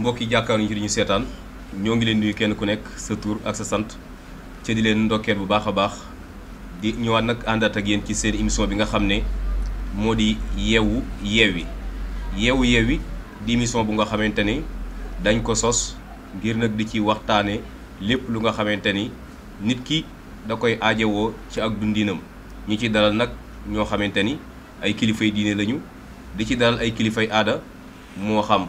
mbokk yi jàkkaarloo ci ñu ñoo ngi leen nuyu kenn ku nekk sa tour ak sa sante ci di leen ndokkeel bu baax a baax di ñëwaat nag àndaat ak yéen ci seen émission bi nga xam ne moo di yewu yewi yeewu yeewi di émission bu nga xamante ni dañ ko sos ngir nag di ci waxtaane lépp lu nga xamante ni nit ki da koy aajowoo ci ak dundinam ñi ci dalal nag ñoo xamante ay kilifay diine lañu di ci dalal ay kilifay aada moo xam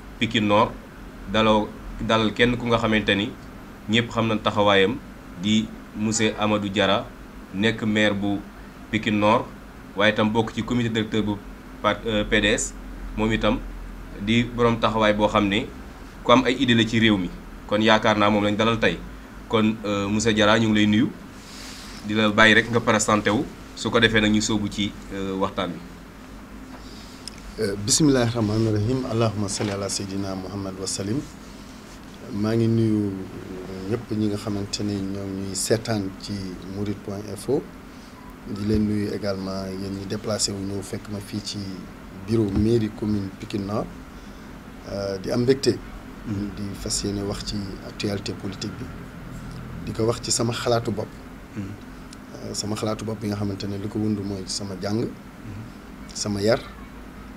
pikin Nor dalo dal ken ku nga xamante ni xam na taxawaayam di monsieur Amadou Jara nek maire bu pikin nor wai tam bok ci comité directeur bu PDS euh, momi itam di borom taxawaay bo xam ne ku am ay idée la kon yaakaar naa mom lañ dalal tay kon euh, monsieur Jara ñu ngi lay nuyu di la bay rek nga présenté wu su ko defé nak ñu sobu ci euh, waxtaan bi Euh, bisimilah rahmaani rahim allahuma salli ala sayyidina muhammad wasalim maa ngi nuyu ñëpp ñi nga xamante ni ñoom ñuy seetaan ci murid point info di leen nuyu également yéen ñi déplacé wu ñëw fekk ma fii ci bureau mairie commune Pikine Nord euh, di am mbégte di fas yéene wax ci actualité politique bi di ko wax ci sama xalaatu bopp mm-hmm. euh, sama xalaatu bopp bi nga xamante ne li ko wund mooy sama jàng mm-hmm. sama yar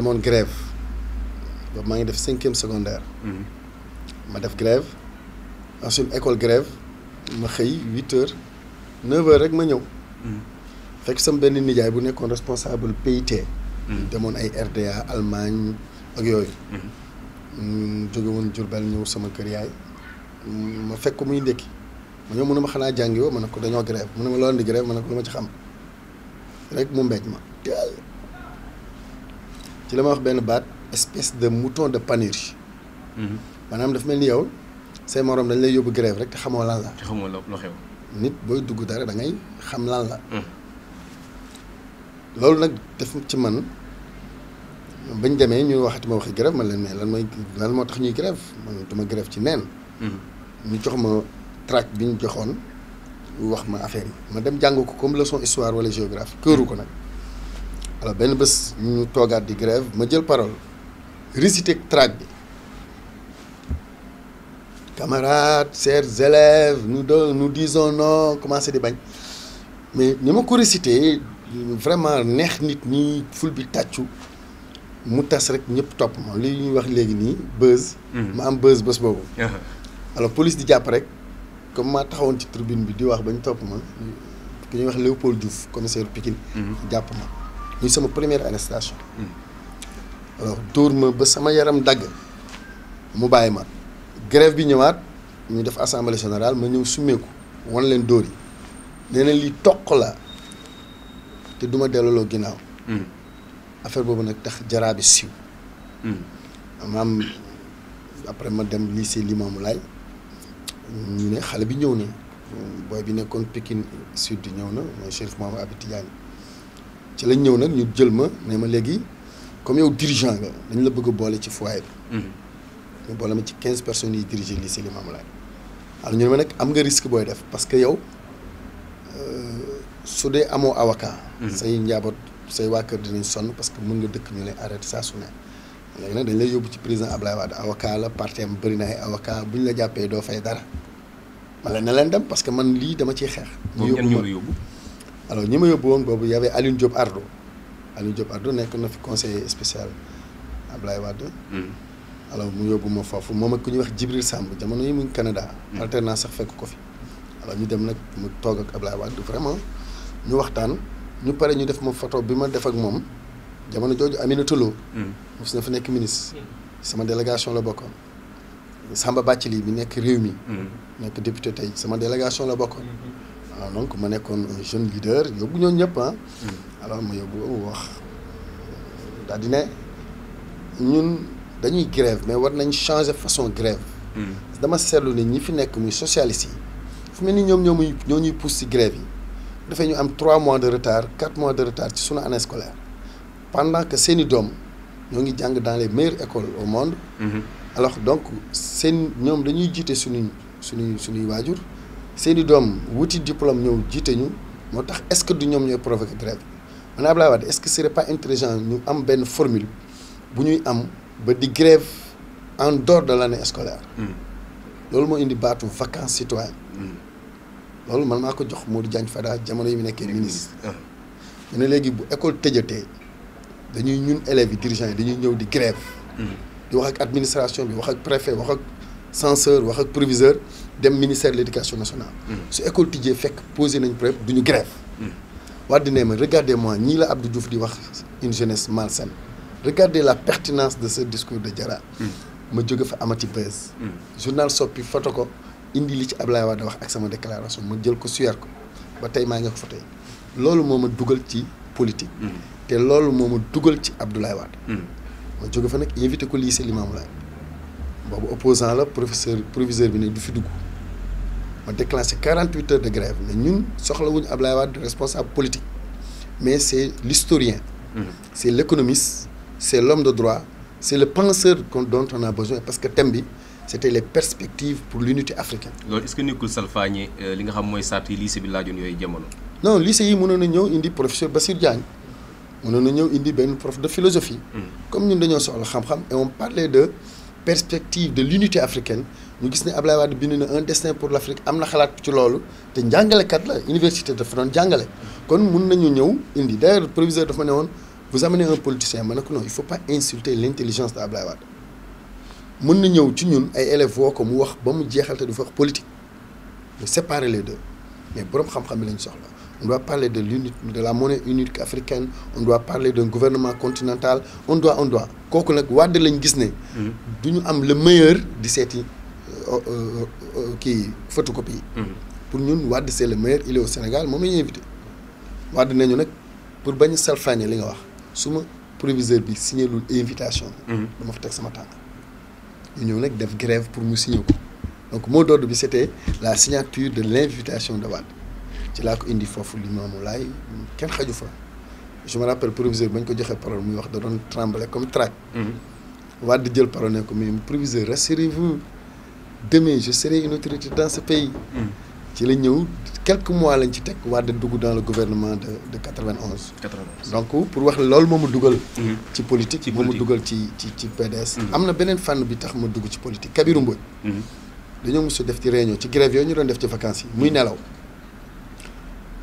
une grève Je suis ngi def cinquième secondaire. Mhm. ma def grève ensuite école grève ma suis huit heures neuf heures rek ma 9 mhm. fekk sama suis bu responsable Je suis RDA Allemagne ak Je ñu mhm. mm, jóge woon Je suis sama mm, ma ma grève Je suis grève ci la ma wax benn baat espèce de mouton de Panurge. Mhm. maanaam daf mel ni yow say moroom dañ lay yóbbu grève rek te xamoo lan la. te xamoo lu nit booy dugg dara da ngay xam lan la. Mhm. loolu nag def ci man bañ demee ñu waxati ma waxi grève man leen ne lan mooy lan moo tax ñuy grève man duma grève ci neen. Mhm. ñu jox ma tract bi ñu joxoon wax ma affaire yi ma dem jàng ko comme le leçon histoire wala géographie këru ko nag. alors ben, bés ñu toogaat di grève ma jël parole réciter tract camarades chers élèves nous don, nous disons non commencé des bains. mais ni ma ko réciter vraiment neex nit ni, ful bi tàccu mu tas rek ñëpp topp ma li ñuy wax léegi nii buzz. Mhm. ma am buzz bés boobu. Uh-huh. alors police di jàpp rek comme ma taxawoon ci tribune bi di wax ba ñu topp ma ki ñuy wax Léopold Diouf commissaire Pikine mhm. jàpp ma. muy sama première arrestation alors dóor ma ba sama yaram dag mu bayima grève bi ñëwaat ñu def assemblée générale ma ñëw suméku won leen dóor yi li tok la té duma délolo ginaaw hmm affaire bobu nak tax jarabi siw hmm am après ma dem lycée limam lay ñu né xalé bi ñëw né boy bi nekkon pekin sud ñëw na moy Cheikh Mamadou ci lañ ñëw nak ñu jël ma né ma légui comme yow dirigeant nga dañ la bëgg a boole ci foyer bi. Mhm. ñu boole ma ci 15 personnes yi diriger lycée Limamoulaye alors ñu ne ma am nga risque boy def parce que yow euh, su dee amo avocat. Mhm. say njaboot say waa kër dinañ son parce que mën nga dëkk ñu lay arrêté ça su ne. léegi nag dañ lay yóbbu ci président Ablaye wad avocat la parti am bari na ay avocat buñ la jappé do fay dara. ma leen ne leen dem parce que man lii dama ci xeex. ñu yóbbu alors ñi ma yóbbu woon boobu y avait Alioune Diop Ardo Alioune Diop Ardo nekk na fi conseiller spécial Ablaye Wade. Hmm. alors mu yóbbu ma foofu moom ak ku ñuy wax Djibril Samb jamono yi mu ngi Canada. Hmm. alternance sax fekk ko fi. alors ñu dem nag mu toog ak Ablaye Wade vraiment ñu waxtaan ñu pare ñu def ma photo bi ma def ak moom jamono jooju Aminata Lo. Hmm. mos na fa nekk ministre. sama délégation la bokkoon. Samba lii bi nekk réew mi. nekk député tey sama délégation la bokkoon. Ah, donc ma nekkoon un jeune leader yóbbu ñooñu ñëpp ah. Hmm. alors ma yobu oh, wax daal di né ñun dañuy grève mais war nañ changer façon grève. Hmm. dama seetlu ne ñi fi nek muy socialiste fu melni ñom ñoom ñoo ñuy pousser grève yi dafay ñu am 3 mois de retard 4 mois de retard ci sunu année scolaire pendant que seeni dom ñoo ngi jàng dans les meilleures écoles au monde. Hmm. alors donc seen ñom dañuy jiite sunuy sunuy sunuy waajur. seeni doom wuti diplôme ñëw jiite ñu moo tax est-ce que du ñoom ñooy provoqué grève man Abdoulaye Wade est-ce que ce serait pas intelligent ñu am benn formule bu ñuy am ba di grève en dehors de la ne scolaire. Hmm. loolu moo indi baatu vacances citoyennes. Hmm. loolu man maa ko jox moo Modou fa Fada jamono yi mu nekkee hmm. ministre. ñu ah. ne léegi bu école tëjatee dañuy ñun élèves yi dirigeants yi dañuy ñëw di grève di wax ak administration bi wax ak préfet wax ak censeur wax ak proviseur. dem ministère de l'éducation nationale. Mm. su école tijjee fekk posé nañ problème du grève. Mm. Wade regardez-moi ni la Abdou Diouf di wax une jeunesse malsaine regardez la pertinence de ce discours de Djara. Mm. ma jóge fa amati buzz. journal Sopi photo ko indi li ci Ablaye Wade wax ak sama déclaration ma jël ko suyaat ko ba tey maa ngi ko fa tey loolu moo ci politique. te loolu moo ma dugal ci Abdoulaye Wad. ma jóge fa nag invité ko l'Imam Limamoulaye opposant le professeur proviseur bi du fi déclenché 48 heures de grève ne ñun pas Ablaye Wade responsable politique mais c'est l'historien hum. c'est l'économiste c'est l'homme de droit c'est le penseur dont on a besoin parce que Tembi, c'était les perspectives pour l'unité africaine. est-ce que nekkul salfaañe euh, li nga xam que sart lycée bi yoy jamono. non lycée yi mënoon na ñëw indi professeur Bassir Diagne mënoon na ñëw indi nous prof de philosophie. Hum. comme ñun nous soxla xam-xam et on parlait de perspective de l'unité africaine Nous avons vu Wad un destin pour l'Afrique am na A ci te de université France, indi d'ailleurs proviseur de France, vous amenez un politicien ma ne non il faut pas insulter l'intelligence de Wad Wade a ci élèves ko politique séparer les deux mais on doit parler de, de la monnaie unique africaine, on doit parler d'un gouvernement continental, on doit, on doit. Quand on a lañ nous sommes le meilleur di seeti euh, euh, euh, photocopie mhm. pour nous, Wad c'est le meilleur il est au Sénégal Moi, la invité. Wad nañu pour bañ nous li nga wax proviseur bi signé lul invitation. Mhm. dama fa sama grève pour nous signer Donc donc mot d'ordre bi c'était la signature de l'invitation de Wade ci laa ko indi que li maamu que xaju fa je me rappelle proviseur ko trembler comme trac mhm. a parole proviseur rassurez-vous demain je serai une autorité dans ce pays mhm. ci la quelques mois lañ ci dans le gouvernement de de 91 donc pour wax loolu moo ma mhm. politique moo a dit ci ci PDS bi tax politique Kabirou Mbodj dañoo a def ci réunion ci grève ñu vacances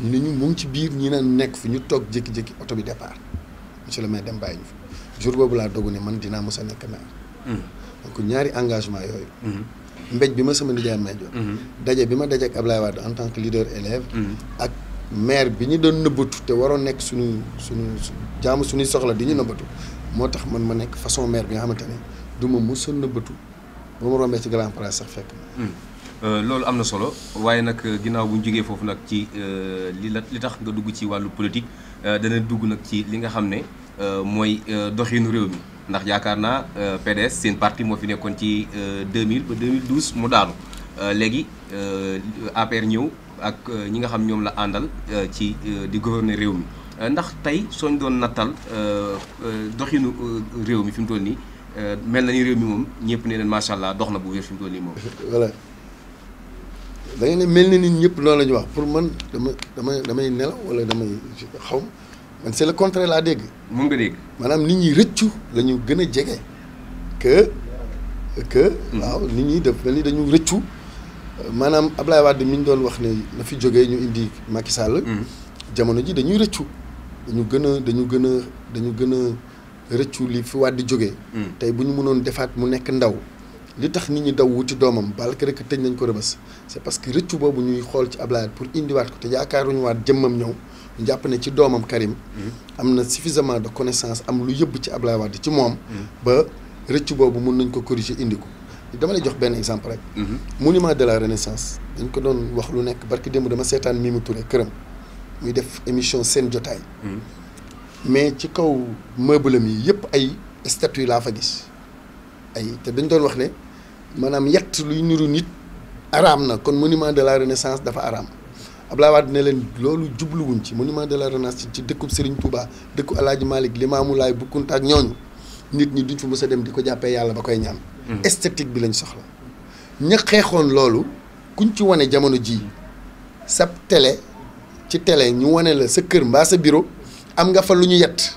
ñu ne ñu mu ci biir ñi naan nekk fi ñu toog jékki-jékki oto bi départ monsieur le maire dem bàyyi ñu fa jour boobu laa dogu ne man dinaa mos a nekk maire. Hmm. donc ñaari engagement yooyu. Hmm. mbéj bi ma sama nijaay may jox. Hmm. daje bi ma daje ak Ablaye Wade en tant que leader élève. ak maire bi ñu doon nëbbatu te waroon nekk suñu suñu jaam suñuy soxla di ñu nëbbatu moo tax man ma nekk façon maire bi nga xamante ne du ma mos a nëbbatu ba ma rombee ci grand place sax fekk. Euh, Lol, amna solo waye nak euh, ginaaw buñu ñu fofu nak ci euh, li li tax nga dugg ci walu politique na dugg nak ci li nga xamné moy mooy doxinu réew mi ndax yakarna PDS c'est une parti mo fi nekkon ci 2000 ba 2012 mu daanu léegi APR ñew ak ñi nga xam ñom la andal ci di gouverner réew mi ndax tay soñ doon natal doxinu réew mi fi mel na ni réew mi moom ñëpp ne leen macha allah bu wér fimu mu mom nii da ngay ne mel ni nit ñëpp loolu la ñuy wax pour man dama damay damay nelaw wala damay xaw man c'est le contraire laa dégg. mun nga maanaam nit ñi rëccu la ñu gën a jege que que. Hmm. waaw nit ñi def mel ni dañu rëccu maanaam Ablaye Wade mi ñu doon wax ne na fi jógee ñu indi Macky Sall. Hmm. jamono ji dañuy rëccu dañu gën a dañu gën a dañu gën a rëccu li fi Wade jógee. Hmm. tey bu ñu mënoon defaat mu nekk ndaw. li tax nit ñi daw wuti doomam balkare que tëj nañ ko rëbës c'est parce que rëccu boobu ñuy xool ci Ablaye pour indiwaat ko te yaakaaruñu waat jëmmam ñëw ñu jàpp ne ci doomam Karim. Mm-hmm. am na suffisamment de connaissance am lu yëbb ci Ablaye Wade ci moom. Mm-hmm. ba rëccu boobu mun nañ ko corriger indi ko dama lay jox benn exemple rek. Mm-hmm. monument de la renaissance dañ ko doon wax lu nekk barki démb dama seetaan Mimi Touré këram muy def émission seen jotaay. mais ci kaw meuble yëpp ay statues laa fa ay te dañu doon wax ne maanaam yett luy niru nit araam na kon monument de la renaissance dafa araam Abdoulaye Wade ne leen loolu jubluwuñ ci monument de la renaissance ci dëkkub Serigne Touba dëkku El Hadj Malick Limamou Laye Boukounta ak ñooñu nit ñi duñ fa mës a dem di ko jàppee yàlla ba koy ñaan. Hmm. esthétique bi lañ soxla. ña xeexoon loolu kuñ ci wane jamono ji sab télé ci télé ñu wane la sa kër mbaa sa bureau am nga fa lu ñu yett.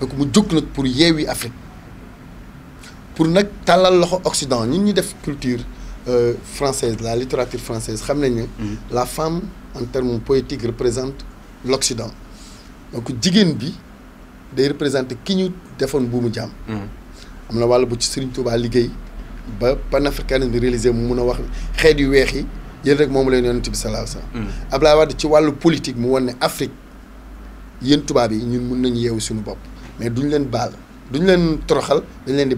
donc mu jóg nag pour yeewi Afrique pour nous, talal loxo Occident ñun ñi def culture euh, française la littérature française xam mm-hmm. la femme en termes poétiques représente l'Occident donc jigéen bi day représenter ki ñu defoon buumu jaam mm-hmm. am Amna walu bu ci Serigne Touba liguey ba panafricanisme bi réalisé mu mun wax xéddi yu weex yi yéen rek moom leen yonent bi salaahu salaam mm-hmm. Abdoulaye Wade ci wàllu politique mu wonné Afrique yeen Touba bi ñun mun nañu yeewu suñu bopp mais duñ leen baal duñ leen toroxal dañ leen di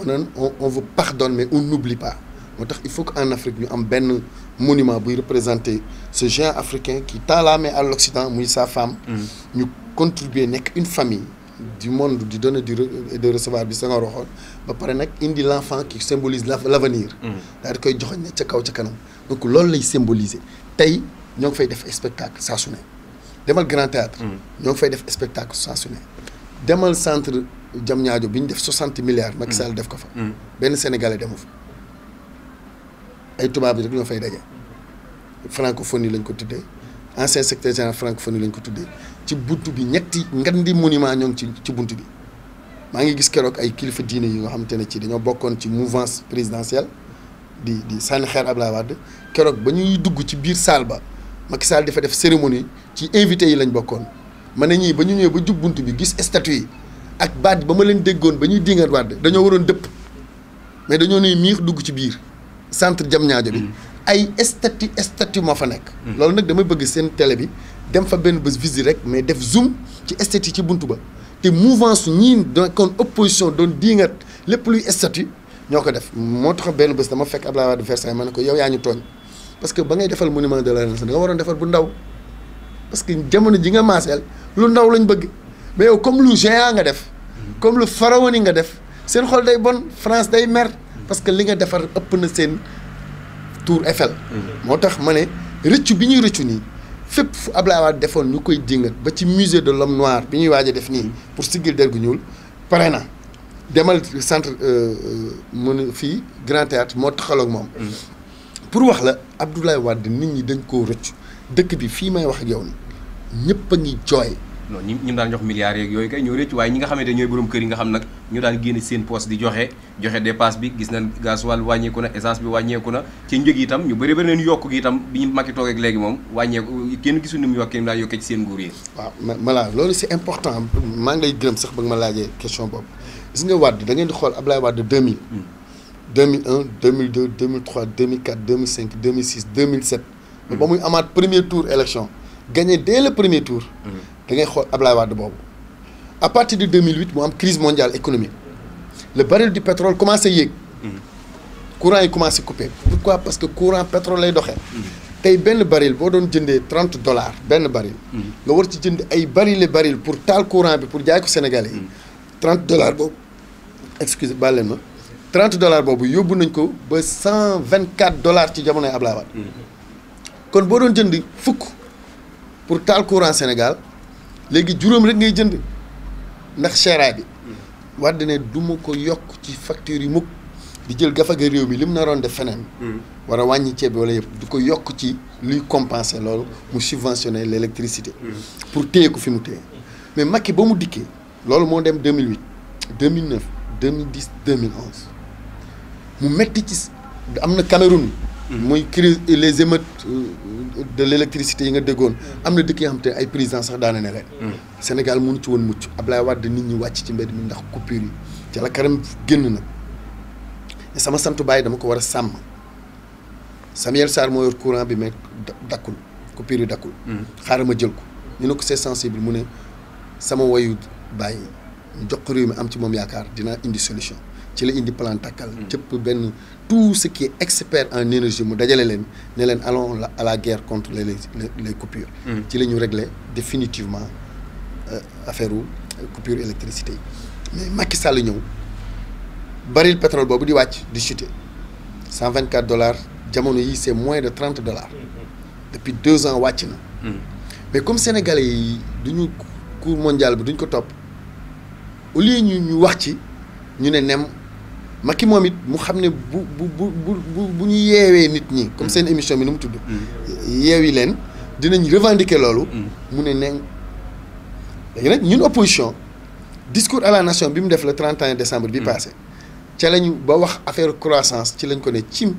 on on vous pardonne mais on n'oublie pas il faut qu'en Afrique ñu am un monument pour représenter ce géant africain qui tend la main à l'Occident muy sa femme. nous mm-hmm. contribuer avec une famille. du monde de donner et de recevoir bi sa nga par ba indi l'enfant qui symbolise l'avenir gens mm-hmm. koy ne donc l'homme lay symboliser nous nous des fay def spectacle saa Dans grand théâtre nous fait des spectacles spectacle demal centre ñaajo bi ñu def 60 milliards. Macky Sall mm. def ko fa. Mm. benn sénégalais demu fa. ay tubaab yi rek ñoo fay daje. francophonie lañ ko tuddee ancien secrétaire général francophonie lañ ko tuddee ci bunt bi ñetti ngandi monument ñoo ngi ci ci bunt bi. maa ngi gis keroog ay kilifa diine yi nga xamante ne ci dañoo bokkoon ci mouvance présidentielle di di sànni xeer Abdoulaye Wade keroog ba ñuy dugg ci biir salle ba Macky Sall dafa def cérémonie ci invité yi lañ bokkoon. mané ñi ñii ba ñu ñëwee ba jub bunt bi gis statue ak baat ba ma leen déggoon ba ñuy dingat waat dañoo waroon dëpp mais dañoo nuy miix dugg ci biir centre Diamniadio bi mm. ay statue statue moo fa nekk mm. loolu nag damay bëgg seen télé bi dem fa benn bés visite rek mais def zoom ci statue ci buntu ba te mouvance ñii kon opposition doon dingat lépp luy statue ñoo ko def moo tax benn bés dama fekk Abdoulaye Wade Versailles ma ne ko yow yaa ñu tooñ parce que ba ngay defal monument de la Renaissance da nga waroon defal bu ndaw parce que jamono ji nga maaseel lu ndaw lañ bëgg mais yow comme lu géant nga def comme lu pharaoni nga def seen xol day bon France day mer parce que li nga defar ëpp na seen tour Eiffel moo tax ma ne rëccu bi ñuy rëccu nii fépp fu Ablaye Wade defoon ñu koy dingat ba ci musée de l'homme noir bi ñuy waaj a def nii pour siggil der gu ñuul pare na demal centre euh, euh, mun fii Grand Théâtre moo taxaloog moom mm. pour wax la Abdoulaye Wade nit ñi dañ koo rëccu dëkk bi fii may wax ak ñëpp a ngi jooy. daan jox milliards yeeg yooyu kay ñoo rëcc waaye ñi nga xamante ñooy borom kër yi nga xam nag ñu daan génne seen poste di joxe joxe dépasse bi gis nañ gasoil wàññeeku na essence bi wàññeeku na ci njëg yi itam ñu bëri bëri nañu yokk gi itam bi ñu makki toog ak léegi moom wàññeeku kenn gisu ni mu yokkee mu daan yokkee ci seen nguur yi waaw mala loolu c'est important maa ngi gërëm sax ba nga ma laajee question boobu gis nga Wade da ngeen di xool Ablaye Wade 2000 2001 2002 2003 2004 2005 2006 2007 ba gagné dès le premier tour gagner mm. ngay à partir de 2008 a une crise mondiale économique le baril du pétrole commence à y aller. Mm. Le courant commence à couper pourquoi parce que le courant pétrole lay doxee mm. tey le baril boo doon 30 dollars le baril nga war ci jënd ay le baril pour tel courant pour les Sénégalais 30 dollars excusez moi 30 dollars boobu yóbbu nañ ko 124 dollars ci si vous Wade kon boo doon jënd pour taal courant Sénégal léegi juróom rek ngay jënd ndax seeraay bi Wade ne du ma ko yokk ci facture yi mukk di jël gafaga réew mi li mu naroon def feneen hmm. war wàññi ceeb wala yëpp du ko yokk ci luy compenser loolu mu subventionner l'électricité hmm. pour téye ko fi mu téye mais Macky ba mu dikkee loolu moo dem 2008 2009 2010 2011 mu metti ci am na Cameroun muy crise les émeutes euh, de l' électricité yi nga déggoon am na dëkk xam te ay président sax daane ne leen Sénégal mënu ci woon mucc Ablaye Wade nit ñi wàcc ci mbedd mi ndax coupure yi ci la karam génn nag sama santu bàyyi dama ko war a sàmm Samuel Sarr moo courant bi mais dakkul coupure yi dakkul xaaral ma jël ko ñu ne ko c'est sensible mu ne sama woyu bàyyi jox réew mi am ci moom yaakaar dinaa indi solution ci la indi plan takkal mm. cëpp benn tout ce qui est expert en énergie nous allons à la guerre contre les coupures. Mm. ci Nous nous régler définitivement euh, affaire u euh, coupure électricité mais Macky Sall le baril pétrole le di de di chuter 124$, dollars le yi c'est moins de 30$ dollars depuis deux ans na. Mm. mais comme sénégalais dans duñu cours mondial bi duñ ko au lieu de nous wax nous ñu ne ma moom it mu xamné bu bu bu bu bu ñu nit ñi. comme mm. seen émission bi num mu tudd. Mm. yeewi leen dinañ revendiquer lolu mm. mu né nee léegi nag ñun opposition discours à la nation bi mu def le 31 décembre bi passé ci lañu ba wax affaire croissance ci lañ ko né cim.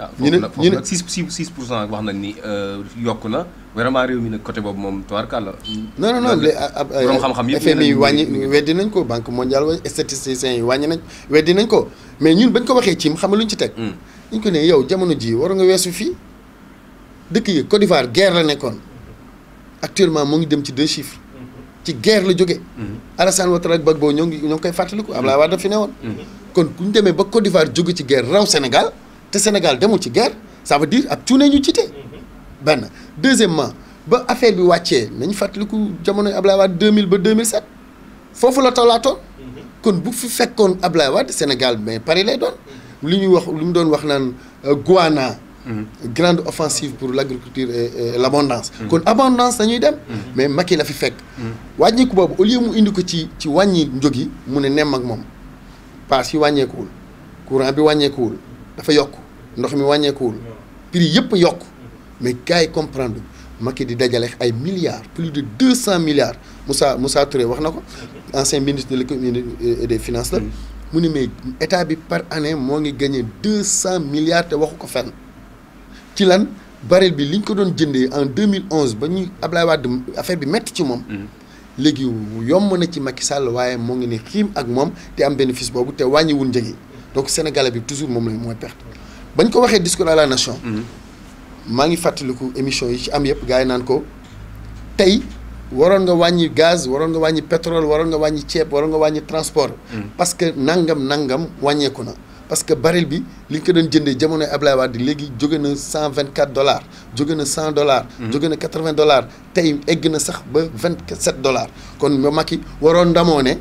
Ah, ñu ne 6 6 wax nañ ni euh yok na. vraiment réew mi nag côté boobu moom tubaarkàlla. non non non borom euh, xam-xam yëpp FMI wàññi weddi nañ ko banque mondiale wa statisticiens yi wàññi nañ ko mais ñun bañ ko waxee cim xam luñ ci teg. Hmm. dañ ne yow jamono ji war nga weesu fii dëkk yi Côte d'Ivoire guerre la nekkoon actuellement mu ngi dem ci deux chiffres. ci guerre la jóge hmm. Alassane Ouattara ak Gbagbo ñoo ngi ñoo ngi koy fàttaliku Abdoulaye hmm. Wade fi ne woon. kon ku ñu demee ba Côte d'Ivoire jóge ci guerre raw Sénégal te Sénégal demul ci guerre ça veut dire ab cuune ñu jiite. ben deuxièmement ba affaire bi wàccee nañ fatlikou jamono Ablaye Wade 2000 ba 2007 fofu la tolaatoon mhm. kon bu fi fekkoon Ablaye Wade Sénégal mais pare lay doon liñu wax lu mu wax nan euh, guana mhm. grande offensive pour l'agriculture et l'abondance mhm. kon abondance dañuy dem mais Macky la fi fekk wàññiku bobu au lieu mu indi ko ci ci wàññi njóg yi mu ne nemm ak moom paas yi wàññeekuwul courant bi wàññeekuwul dafa yok ndox mi wàññeekuwul prix yëpp yok mais gars yi comprendre Macky di dajale ay milliards plus de 200 milliards Moussa Moussa Touré wax ancien ministre de l'économie et des finances là mu ne état bi par année moo ngi gagné 200 milliards te waxu ko ci lan baril bi liñ ko don jëndee en 2011 bañu ñuy Ablaye Wade affaire bi metti ci mom mm-hmm. légui yom na ci Macky Sall waye mo ngi ni xim ak mom té am bénéfice bobu té wañi njëg yi donc Sénégalais bi toujours mom lay moy perte bañ ko waxé discours à la nation mm-hmm. maa ngi fàttaliku émission yi ci am yëpp gars yi naan ko tey waroon nga wàññi gaz waroon nga wàññi pétrole waroon nga wàññi ceeb waroon nga wàññi transport. Mm. parce que nangam nangam wàññeeku na. parce que baril bi li nga ko doon jëndee jamonoy Ablaye Wade léegi jóge na cent vingt quatre dollars jóge na cent dollars. Mm. jóge na quatre vingt dollars tey egg na sax ba vingt sept dollars. kon ma Macky waroon ndamoo ne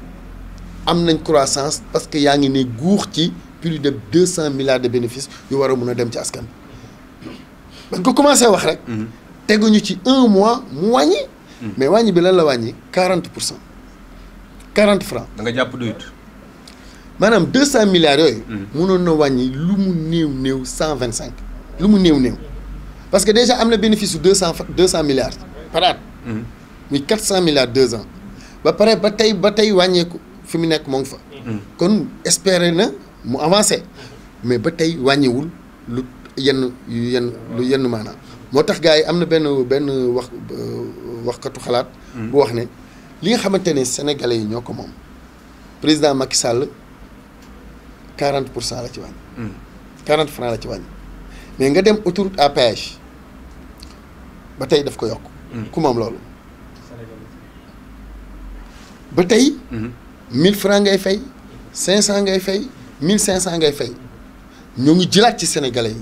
am nañ croissance parce que yaa ngi ne guux ci plus de deux cent milliards de bénéfices yu war a mun a dem ci askan parce à commencé wax rek. Mhm. ci un mois mhm. mais tu bi la 40 francs. da nga de Madame, deux milliards je mënoon mhm. na wàññi lu mu cent parce que déjà am un bénéfice de 200 milliards par Mais milliards deux ans. ba pareil ba bataille ba espérer avancer mais bataille yenn yu yenn lu yenn maanaa moo tax gars yi am na benn benn wax waxkatu xalaat hmm. bu wax ne li nga xamante ne sénégalais yi ñoo ko moom président Macky Sall 40 pour cent la ci wàññi 40 hmm. francs la ci wàññi mais nga dem autoroute à péage ba tey daf ko yokk hmm. ku moom loolu ba tey 1000 francs ngay fay 500 ngay fay 1500 ngay fay ñoo ngi jëlaat ci sénégalais yi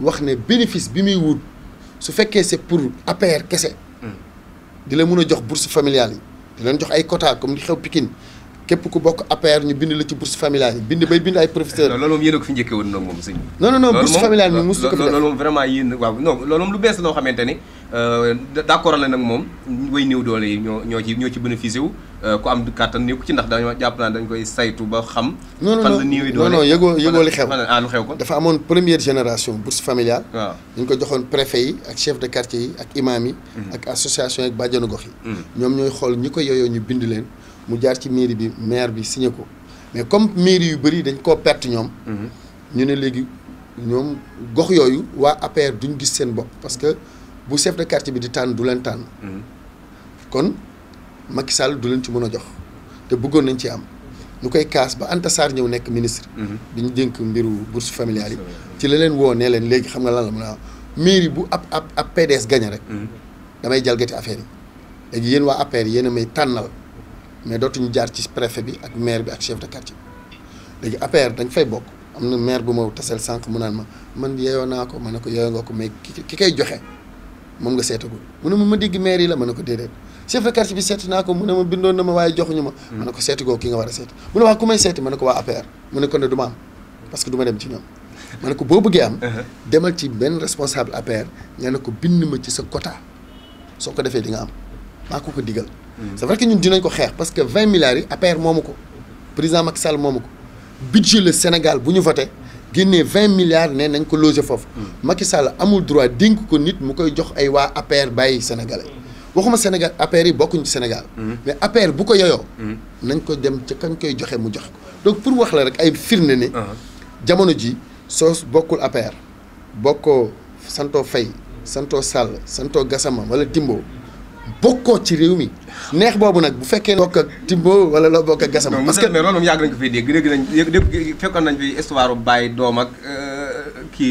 wax bénéfice bi muy wut su fekkee c'est pour APR kese. Hmm. di la mun a jox bourse familiale yi di leen jox ay quotas comme li xew Pikine képp ku bokk APR ñu bind la ci bourse familiale yi bind bay bind ay professeur loolu moom yéen a ko fi njëkkee waaw non loolu moom lu bees loo xamante ne euh, d'accord la nag moom way néew doole yi ñoo ñoo ci ñoo ci bénéficié wu euh, ku am kàttan néew ku ci ndax dañoo jàpp naa dañ koy saytu ba xam non fan la néew doole non non yëgoo li ah, xew ko dafa amoon première génération bourse familiale waaw ko joxoon préfet yi ak chef de quartier yi ak imam yi mhm. ak association ak bàjjanu gox yi mhm. ñoom ñooy xool ñi ko yooyoo ñu bind leen mu jaar ci mairie bi maire bi signé ko mais comme mairie yu bëri dañ koo perte ñoom. Mhm. ñu ne léegi ñoom gox yooyu waa APR duñ gis seen bopp parce que bu chef de quartier bi di tànn du leen tànn. Mhm. kon Macky Sall du leen ci mën a jox te bëggoon nañ ci am. ñu koy kaas ba Anta Sarr ñëw nekk ministre. bi mhm. ñu dénk mbiru bourse familiale yi. ci la leen woo nee leen léegi xam nga lan la mën a mairie bu ab ab ab PDS gagné rek. damay jalgati affaire yi léegi yéen waa APR yéen may tànnal. mais dootuñu jaar ci préfet bi ak maire bi ak chef de quartier léegi APR dañ fay bokk am na maire bu ma taseel sànq mu naan ma man yeyoo naa ko ma ne ko yeyoo nga ko mais ki ki koy joxe moom nga seetagul mu ne ma ma digg maire yi la man ne ko déedéet chef de quartier bi seeti naa ko mu ne ma bindoon na ma waaye joxuñu ma. Hmm. ma ne ko seeti goo ki nga war a seeti mu ne waa ku may seeti ma ne ko waa APR mu ne ko ne du am parce que du dem ci ñoom. ma ne ko boo bëggee am. Uh-huh. demal ci benn responsable APR nga ne ko bind ma ci sa quota soo ko defee di nga am maa ko ko digal. C'est vrai que nous dinañ ko parce que 20 milliards a APR président Macky Sall budget le Sénégal bu voté a 20 milliards de nañ Macky droit nit mu koy jox ay Sénégal. Sénégalais. waxuma Sénégal APR yi Sénégal. mais APR bu ko pas nañ ko dem ca koy mu donc pour wax la rek ay Il y a ji Santo Santo Sall Santo Gassama Timbo boko ci neex boobu nag bu fekkee bokk ak Timbo wala la bokk ak Gassama parce que loolu moom yàgg nañ ko fii dégg dégg nañ dégg fekkoon nañ fi histoire bu bàyyi euh,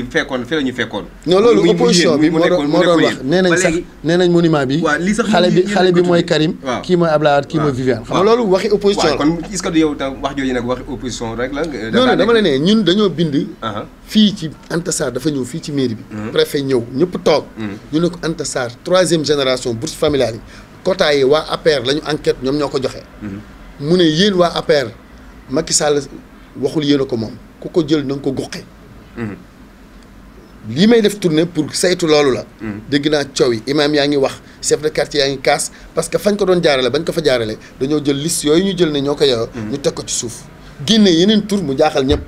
fekkoon fi la ñu fekkoon non loolu opposition bi moo doon moo doon wax nee nañ sax nee nañ monument bi xale bi xale bi mooy Karim kii mooy Abdoulaye kii mooy Viviane xam nga loolu waxi opposition la kon est-ce dama la nee ñun dañoo bind uh-huh. fii ci Anta dafa ñëw fii ci mairie bi uh-huh. préfet ñëw ñëpp toog uh-huh. ñu ne ko Anta Sarr génération bourse familiale quota waa APR la ñu enquête ñoom ñoo ko joxe. mu ne yéen waa APR Macky Sall waxul yéen ko moom ku ko jël na ko goqe. lii may def tournée pour saytu loolu la. dégg naa coow yi imaam yaa ngi wax chef de quartier yaa ngi kaas parce que fañ ko doon jaarale bañ ko fa jaarale dañoo jël liste yooyu ñu jël ne ñoo ko yeyoo. Mm. ñu teg ko ci suuf génne yeneen tour mu jaaxal ñëpp.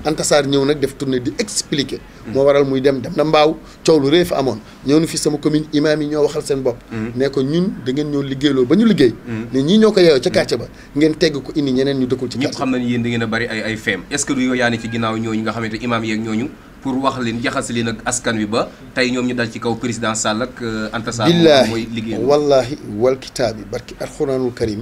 Anta Sarr ñëw nag def tournée di expliquer. moo waral muy dem dem na mbaaw coow lu rëy fa amoon ñëw ni fi sama commune imaam yi ñoo waxal seen bopp. Mm-hmm. ne ko ñun da ngeen ñoo liggéeyloo ba ñu liggéey. Mm-hmm. ne ñii ñoo ko yeewoo ca mm-hmm. quartier ba ngeen tegg ko indi ñeneen ñu dëkkul ci quartier. ñëpp xam nañu yéen da ngeen a bari ay ay feem est-ce que ne ci ginnaaw ñooñu nga xamante imaam yeeg ñooñu. pour wax leen jaxase leen ak askan wi ba tey ñoom ñu dal ci kaw président Sall ak euh, Anta Sarr. mooy liggéey billaahi wallaahi wal kitaabi barki alxuraanul karim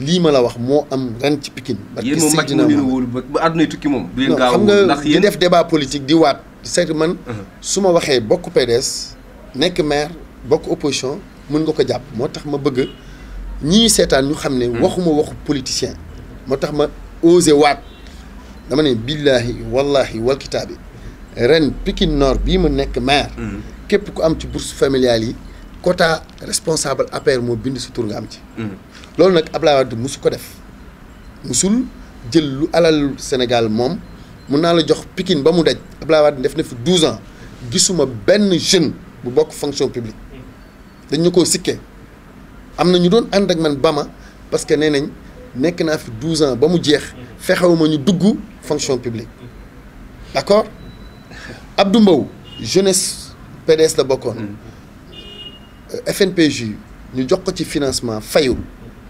lii ma la wax moo am ren ci Pikine. parce que si dina moom ba àdduna tukki moom. bu yéen gaaw ndax yéen xam nga di def débat politique di waat seet man. Uh-huh. su ma waxee bokk PDS nekk maire bokk opposition mën nga ko jàpp moo tax ma bëgg ñii seetaan ñu xam ne. Hmm. waxuma waxu politicien. moo tax ma osé waat dama ne billaahi wallaahi walkitaabi ren Pikine bii ma nekk maire. Hmm. képp ku am ci bourse familiale yi quota responsable APR moo bind sa tur nga am ci. Hmm. loolu nak Abdoulaye Wade musuko def musul jël lu alal senegal mom mun naa la jox Pikine ba mu daj Abdoulaye Wade def na fi 12 ans gisuma ben jeune bu bokk fonction publique dañ ñu koo sikkee am ñu doon and ak man Bama parce que nenañ nek na fi 12 ans ba mu jeex fexewuma ñu dugg fonction publique d'accord Abdou mbaw jeunesse PDS la bokkoon mm. euh, FNPJ ñu jox ko ci financement fayul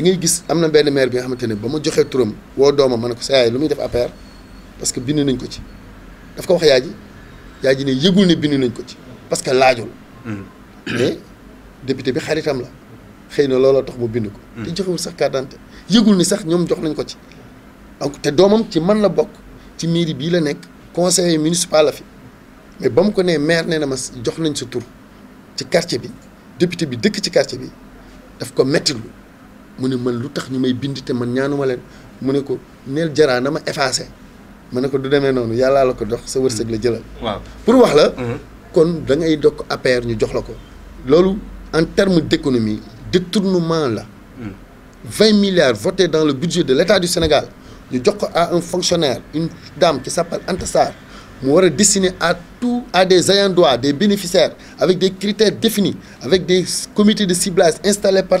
da ngay gis am na benn maire bi nga xamante ne ba ma joxee turam woo doomam ma ko sa yaay lu muy def APR parce que bind nañ ko ci daf ko wax yaay ji yaay ji ne yëgul ne bind nañ ko ci parce que laajul. Mm. mais député bi xaritam la xëy na looloo tax mu bind ko. Mm. te joxewul sax carte yëgul ni sax ñoom jox nañ ko ci. donc te doomam ci man la bokk ci mairie bii la nekk conseiller municipal la fi mais ba mu ko nee maire ne na ma jox nañ sa tur ci quartier bi député bi dëkk ci quartier bi daf ko mettilu mu ne man pas tax may bind te man ñaanuma len mu ne ko neel jara na ma effacé ne ko du démé nonu yalla la ko dox sa wërsëg la jëlal. pour wax la. Mhm. kon da ngay dokk APR ñu jox la ko. lolu en terme d'économie... détournement la. 20 mhm. milliards votés dans le budget de l'état du Sénégal ñu jox ko à un fonctionnaire une dame qui s'appelle Antassar... Qui Sarr mu à tout à des ayants droit des bénéficiaires avec des critères définis avec des comités de ciblage installés par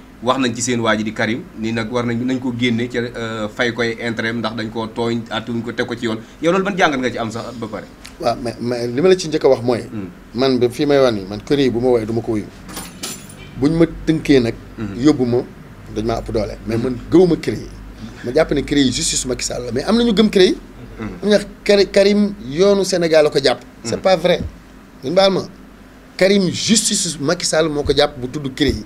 wax nañ ci seen waa ji di Karim ni nag war nañ nañ ko génne ca euh, fay koy intérêt ndax dañ ko tooñ àttuñ ko teg ko ci yoon yow loolu ban jàngat nga ci am sax ba pare. waaw mais mais li ma la ci njëkk a wax mooy. Hmm. man ba fii may wax nii man kër yi bu ma woowee du ma ko wuyu buñ ma nag. Hmm. yóbbu ma dañ maa doole. mais man gëwuma kër yi ma jàpp ne kër yi justice Macky Sall la mais am nañu gëm kër yi. Hmm. am na Karim yoonu Sénégal la ko jàpp. c'est pas vrai. ñu baal ma Karim justice Macky Sall moo ko jàpp bu tudd kër yi.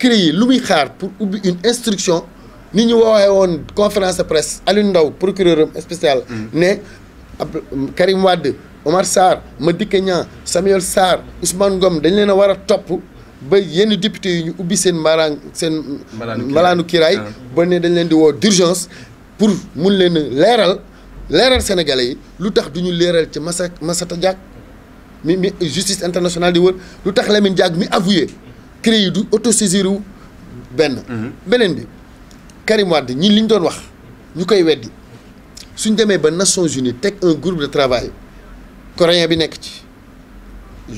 Créer lu xaar pour ubbi une instruction ni ñu woowee conférence de presse Alioune Ndao procureur spécial. Mm. ne Karim Wade Omar Sarr Madi Niang Samuel Sarr Ousmane Ngom dañ leen a top. Ben, topp ba yenn député yi ñu ubbi seen mbaaraan seen. mbalaanu kiraay ah. ba ne dañ leen di d'urgence pour mun leen leeral leeral sénégalais yi lu tax du ñu leeral ci Massa mi justice internationale di wër lu les Lamine Diack mi avoué créé du ben ben benen bi Karim wad ñi liñ doon wax ñukay koy weddi suñ demee ba Nations Unies teg un groupe de travail coréen bi nekk ci.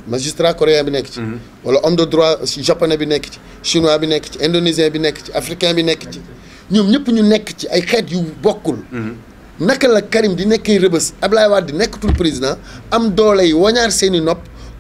magistrat coréen bi nekk ci. Mhm. wala homme de droit japonais bi nekk ci. chinois bi nekk ci indonésien bi nekk ci africain bi nekk ci ñom ñëpp ñu nekk ci ay xeet yu bokul mhm. naka la Karim di nekkee rebeus Ablaye wad di président am doole yi wañaar seeni nopp.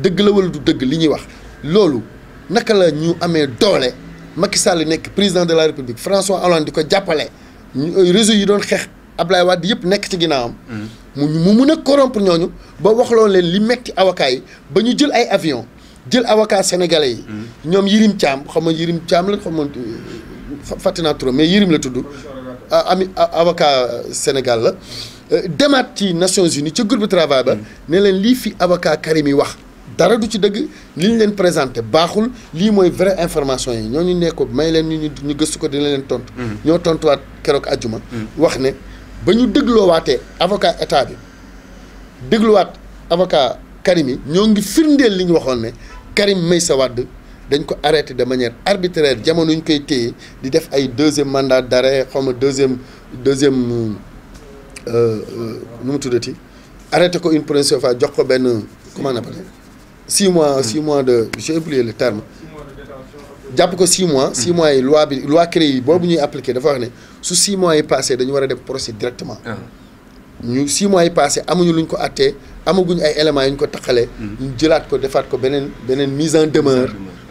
deug la wala du deug li ñuy wax lolu naka la ñu amé doolé Macky Sall président de la République François Hollande diko jappalé euh, réseau yi doon xex Ablaye Wade yëpp nek ci ginaam mm. mu mu ñooñu ba waxloo leen li metti avocat yi ba ñu jël ay avion jël avocat sénégalais yi. Mm. Yirim Thiam xam nga Yirim Thiam la xam nga fàtte mais Yirim la tuddu ah, ami ah, avocat euh, Sénégal la. Euh, demaat ci Nations Unies ci groupe de travail ba. Mm. ne leen li fi avocat karimi wax dara du ci deug liñ ñu leen présenté baaxul lii mooy vraie information yi ñoo ñu ne ko may leen ñu ñu gëstu ko dina leen tontu. Mm-hmm. ñoo tontuwaat kérok aljuma mm-hmm. wax ne ba ñu dégloowaatee avocat état bi wat avocat Karim yi ñoo ngi firndel liñ ñu ne Karim Meïssa Wade dañ ko arrêter de manière arbitraire jamono ñu koy téye di def ay deuxième mandat d'arrêt xaw deuxième deuxième euh, euh, nu mu tuddati arrêté ko une première fois jox ko ben comment on appelle 6 mois, 6 hmm. mois de... J'ai oublié le terme. 6 mois de détention. 6 mois, 6 mois, la loi créée, si on applique, on sous 6 mois est passé, on doit procès directement. 6 ah. mois est passé, on n'a pas été atteint, on n'a pas été éléments, on n'a pas été fait, on n'a pas été mis en demeure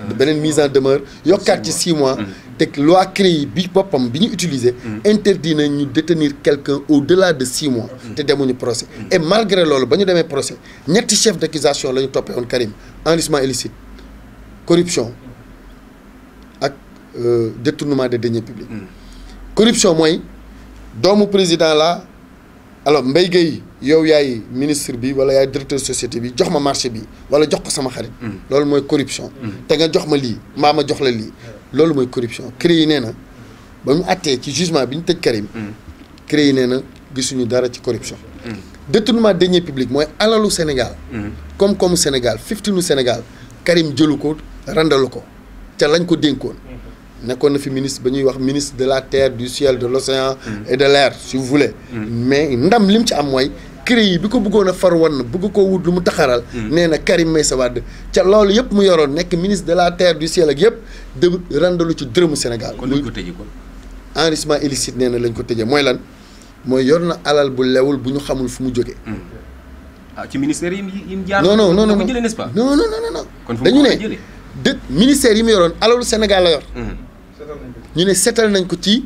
une euh, mise en demeure il y a 6 mois la loi créée, bi loi bi ñu utiliser mm. interdit de détenir quelqu'un au-delà de 6 mois de mm. demuñu procès et malgré cela, ba ñu a procès ñetti chef d'accusation la ñu toppee Karim enrichissement illicite corruption ak euh, détournement des deniers publics mm. corruption moi, dans mon président là, alors Mbaye Gueye yow yaay ministre bi wala yaay directeur société bi jox ma marché bi wala jox ko sama xarit. Hmm. loolu mooy corruption. Hmm. te nga jox ma lii mbaa ma jox la lii. loolu mooy corruption CREI nee na ba mu àttee ci jugement bi ñu tëj Karim. Hmm. CREI yi nee na gisuñu dara ci corruption. détournement deniers public mooy alalu Sénégal. comme comme Sénégal fiftinu Sénégal Karim jëlu ko randalu ko ca lañ ko dénkoon. nekkoon na fi ministre ba ñuy wax ministre de la terre du ciel de l'océan et de l'air si vous voulez. mais ndam lim ci am mooy. CREI bi ko bëggoon a far na bëgg koo wut lu mu taxaral. Mm. nee na Karim Meïssa Wade ca lool yëpp mu yoroon nekk ministre de la terre du ciel ak yëpp déglu rendalu ci dërëmu Sénégal. kon lañ ko tëjee kon. enrichissement illicite nee na lañ ko tëjee mooy lan mooy yor na alal bu lewul bu ñu xamul fu mu jógee. Mm. ah ci ministère yi yi mu jaar. non non non non non dañu ne dë ministère yi mu yoroon alalu Sénégal la yor. Mm. ñu ne seetal nañ ko ci.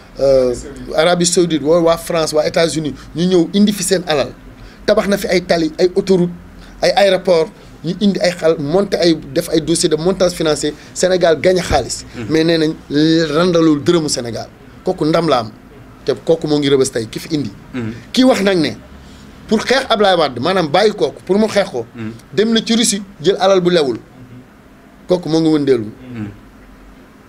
Euh, Arabie Saoudite wala waa France waa États-Unis ñu ñëw indi fi seen alal tabax na fi ay tali ay autoroute ay aéroport ñu indi ay xal monté ay def ay dossier de montage financier Sénégal gañe xaalis. Mhm. mais nee nañ randalul dërëmu Sénégal kooku ndam la am te kooku moo ngi rëbës tey indi. Mhm. kii wax nag ne pour xeex Ablaye Wade maanaam bàyyi kooku pour mu xeex ko. Mhm. dem na ci Russie jël alal bu lewul kooku moo ngi wëndeelu.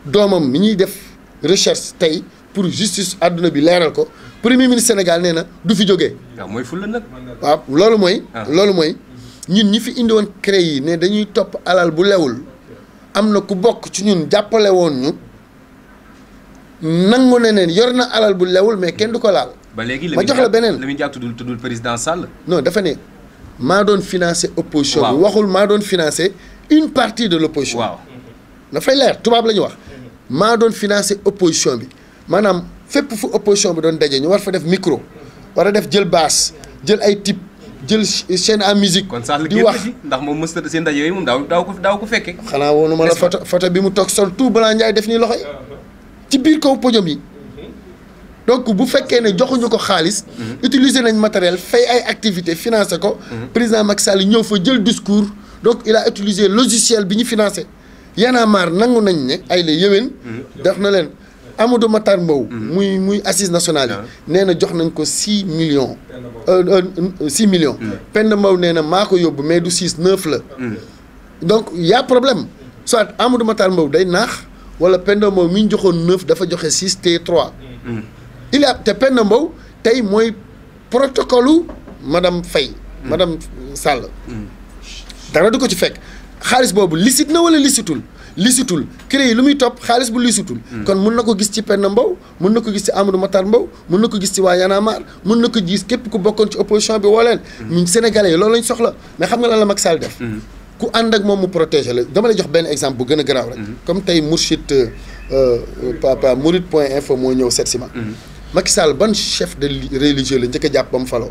doomam mi ñuy def recherche tey pour justice àdduna bi leeral ko premier ministre Sénégal nee na du fi jógee. waaw mooy fulla nag. waaw loolu mooy. Ah. loolu mooy ñun ñi fi indi woon CREI yi ne dañuy topp alal bu lewul am na ku bokk ci ñun jàppale woon ñu nangu ne neen yor na alal bu lewul mais kenn du ko laal. ba léegi la ma jox la beneen la muy jaar tuddul président Sall. non dafa ne maa doon financé opposition bi waxul maa doon financé une partie de l'opposition. opposition. waaw dafay leer tubaab la ñu wax. maa doon financé opposition bi manam fepp fu opposition bi doon dajé ñu war fa def micro wara def jël basse jël ay type jël à musique. di wax ndax na vous ko daw ko vous photo bi mu tok sol tout def ci biir podium yi. donc bu ne joxuñu ko mhm. utiliser nañ matériel fay activités mhm. président Macky Sall fa discours. donc il a utilisé logiciel bi ñi financé. yana a ay Amadou Matar Mbow. Mhm. muy muy assise nationale néna jox nañ millions. six millions. Euh, euh, euh, mm. na il a mais du six neuf la. Mm. donc y' a problème soit Amadou Matar day nax wala a mi dafa joxe six 3 mm. il a te protocole madame Faye. madame Sall. dara du ko ci licite wala licitul. lisitul créé yi lu muy topp xaalis bu lisitul hmm. kon mun na ko gis ci Penda mbaw mun na ko gis ci Amadou Matar mbaw mun na ko gis ci waa Y'en mun na ko jiis képp ku bokkoon ci opposition bi woo leen hmm. ñun sénégalais yi loolu lañ soxla nga xam nga la la Macky Sall def hmm. ku ànd ak moom mu protégé la dama lay jox benn exemple bu gën a garaaw rek comme tey Mourchid euh, euh, papa Mourid point info moo ñëw seet si ma Macky ban chef de religieux la njëkk a jàpp ba mu faloo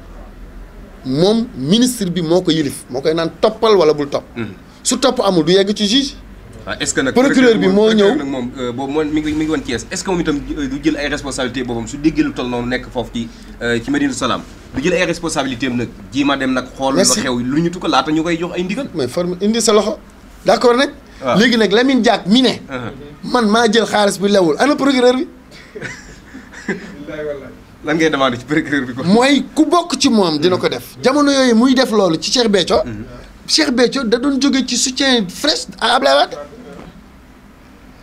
moom ministre bi moo ko yilif moo koy naan toppal wala bul topp. Mhm. su topp amul du yegg ci juge. waaw ah, est-ce que nag procureur bi moo ñëw nag moom euh, boobu moom mi ngi mi ngi woon Thiès est-ce que moom itam euh, du jël ay responsabilités boppam su déggee lu toll noonu nekk foofu ci euh, ci Medina Salaam du jël ay responsabilités bi nag ji ma dem nag. xool lu xew lu ñu tu ko laata ñu koy jox ay ndigal. mais forme indi sa loxo d'accord nag. Ah. léegi nag Lamine Diack mi ne. Ah. man maa jël xaalis bi lewul ana procureur bi. lan ngay demandé ci procureur bi ko mooy ku bokk ci moom dina ko def jamono yooyu muy def loolu ci Cheikh Béthio mhm. Cheikh Béthio da doon jóge ci soutien fresh à Ablaye Wade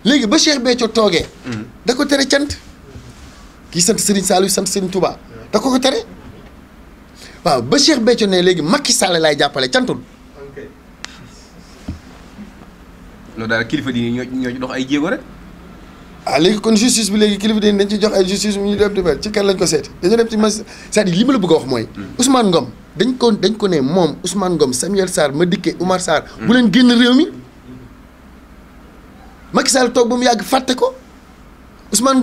léegi ba Cheikh Béthio toogee mhm. da ko tere cant kii sant Serigne Saliou sant Serigne Touba da ko ko tere waaw ba Cheikh Béthio ne léegi Macky Sall laay jàppale cantul loolu daal kilifa di ñoo ñoo ci dox ay jéego rek ah justice bi C'est justice c'est-à-dire la Ousmane Ngom Ousmane Samuel Sar, Medike Oumar Sar, vous leen réew mi. Macky Sall vous mu Ousmane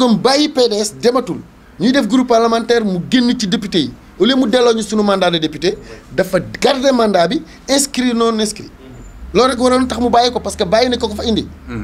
PDS dematul ñuy def groupe parlementaire mu génn ci député Où au lieu mu nous ñu mandat de député dafa garder mandat inscrit non inscrit que rek avez tax parce que indi. Hmm.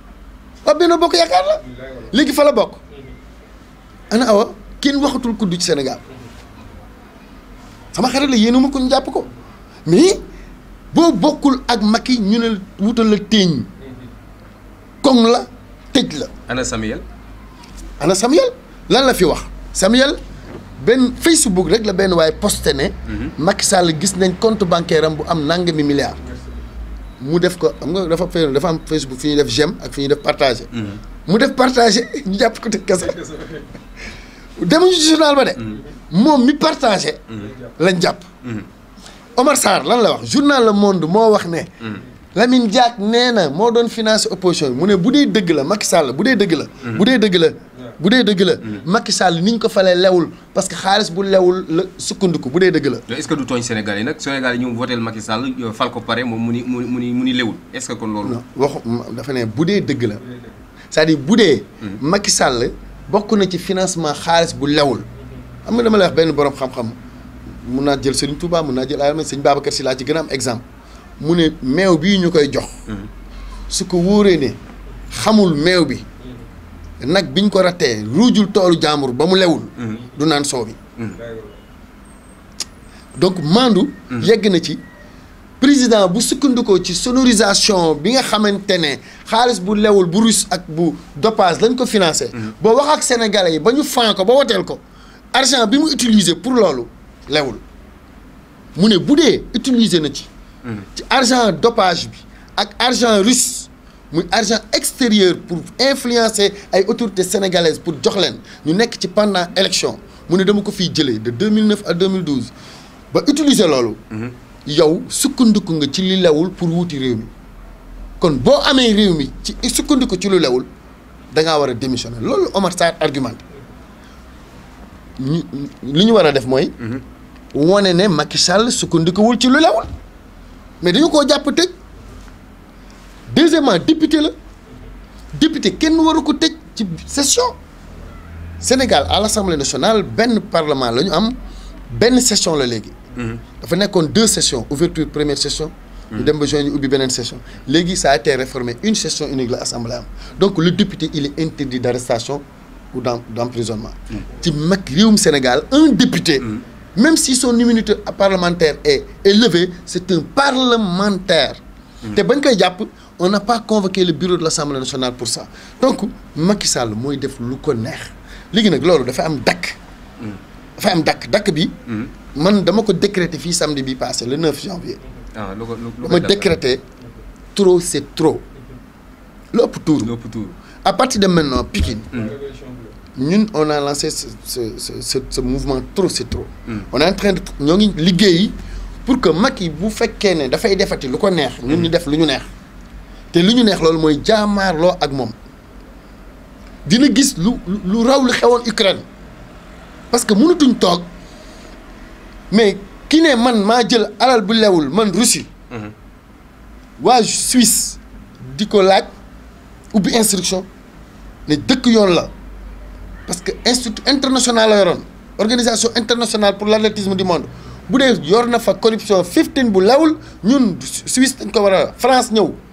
waa Benno Bokk Yaakaar la léegi fa la bokk ana awa kenn waxatul kuddu ci senegal sama xarit la yéenu ma ko ñu jàpp ko mais boo bokkul ak Macky ñu ne wutal la koŋ la tëj la. ana Samuel. ana Samuel lan la fi wax Samuel benn Facebook rek la benn waaye posté ne. Mhm. Macky Sall gis nañ compte bancaire am bu am nangami milliards. mu def ko nga Facebook fi j'aime ak fi def partager. Mm. mu def partager ñu ko journal ba de. Mm. moom mi mm. Omar Sarr lan journal Le Monde moo wax ne. Lamine Diack opposition mu ne bu dee la bu dee dëgg la. Macky Sall ni ñu ko falee lewul parce que xaalis bu lewul la sukkandiku bu dee dëgg la. est-ce que du tooñ Sénégal yi nag Sénégal yi ñoom voté Macky Sall euh, fal ko pare moom mu ni mu ni mu ni lewul est-ce que kon loolu. non waxu dafa bu dee dëgg la cest bu dee. Hmm. Macky Sall bokk na ci financement xaalis bu lewul. am na dama lay wax benn borom xam-xam mun naa jël Serigne Touba mun naa jël Ayamane Serigne Babacar Sy laa ci gën a am exemple mu ne meew bii ñu koy jox. Hmm. su ko wóoree ne xamul meew bi. nag biñ ko raté rujul tolu jamour ba mm-hmm. mm-hmm. donc mandou mm-hmm. yegg na ci président bu sukunduko ci sonorisation bi nga xamantene ne bu lewul bu russe ak bu dopage lañ ko wax sénégalais argent bi mu utiliser pour lolu lewul mune ne utiliser na argent dopage argent russe muy argent extérieur pour influencer ay autorités sénégalaises pour jox leen ñu nekk ci pendant élection mu ne dama ko fiy jëlee de 2009 à 2012 ba utiliser loolu. Mhm. yow sukkandiku nga ci li pour wuuti réew mi kon boo amee réew mi ci sukkandiku ci lu da ngaa war a démissionner loolu Omar Sarr argumenté ñu li ñu war a def mooy. Mhm. wone ne Macky Sall sukkandikuwul ci lu mais dañu koo jàpp tëj deuxièmement député Le député kenn nous ko écouter session Sénégal à l'Assemblée nationale ben parlement la ñu am session la y mhm. dafa deux sessions ouverture première session. Il mhm. dem besoin juin bien session ça a été réformé une session unique à assemblée donc le député il est interdit d'arrestation ou d'emprisonnement. Si mhm. mag Sénégal un député. même si son immunité parlementaire est élevée, c'est un parlementaire. bañ on n'a pas convoqué le bureau de l'Assemblée nationale pour ça donc Macky Sall moi def lu ko neex léegi nag loolu dafa am dakk dafa am dac. DAC, bi man dama ko décréter samedi bi passé le 9 janvier ah, m'a décrété trop c'est trop lu ëpp tuuru à partir de maintenant Pikine mm. ñun on a lancé ce mouvement trop c'est trop mm. on est en train de ñoo pour que Macky bu fekkee ne dafay defati lu ko neex ñun ñu def lu ñu te li ñu neex loolu mooy jaamaarloo ak moom dina gis lu lu raw lu xewoon Ukraine parce que mënatuñ toog mais ki ne man maa jël alal bu lewul man Russie mhm. waa Suisse di ko laaj ubbi instruction ne dëkk yoon la parce que institut international l'organisation organisation internationale pour l'athlétisme du monde bu dee yor na fa corruption 15 bu lewul ñun Suisse dañ ko war France ñëw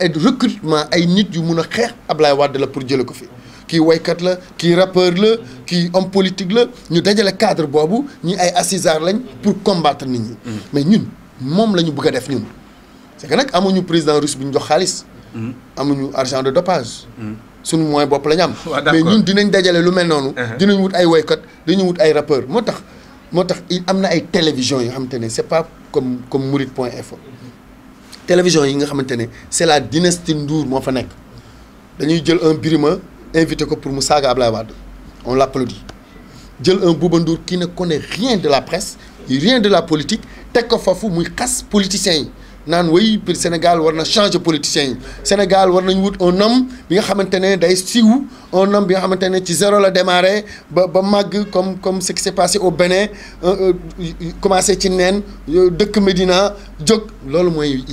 le recrutement ay nit yu mëna Ablaye pour fi Qui waykat la rappeur la qui homme politique la ñu dajalé cadre bobu ñi ay pour combattre nit mm-hmm. mais ñun mom nous def ñun. c'est que nak amuñu président russe bu mm-hmm. argent de dopage. Mm-hmm. suñu am. mais ñun dinañ dajalé lu mel nonu uh-huh. dinañ wut ay waykat wut ay télévision de c'est pas comme comme télévision yi nga c'est la dynastie Ndour mon fa nek dañuy jël un Birima invité ko pour mu saga Ablaye wad on l'applaudit jël un Bouba qui ne connaît rien de la presse rien de la politique tek ko fofu muy khas politiciens oui pour le Sénégal war na changer politicien Le Sénégal war nañu un homme qui nga été day un homme bi nga xamante ci zéro la démarré comme comme ce qui s'est passé au Bénin euh, euh, commencé ci neen euh, dëkk Medina, donc loolu mooy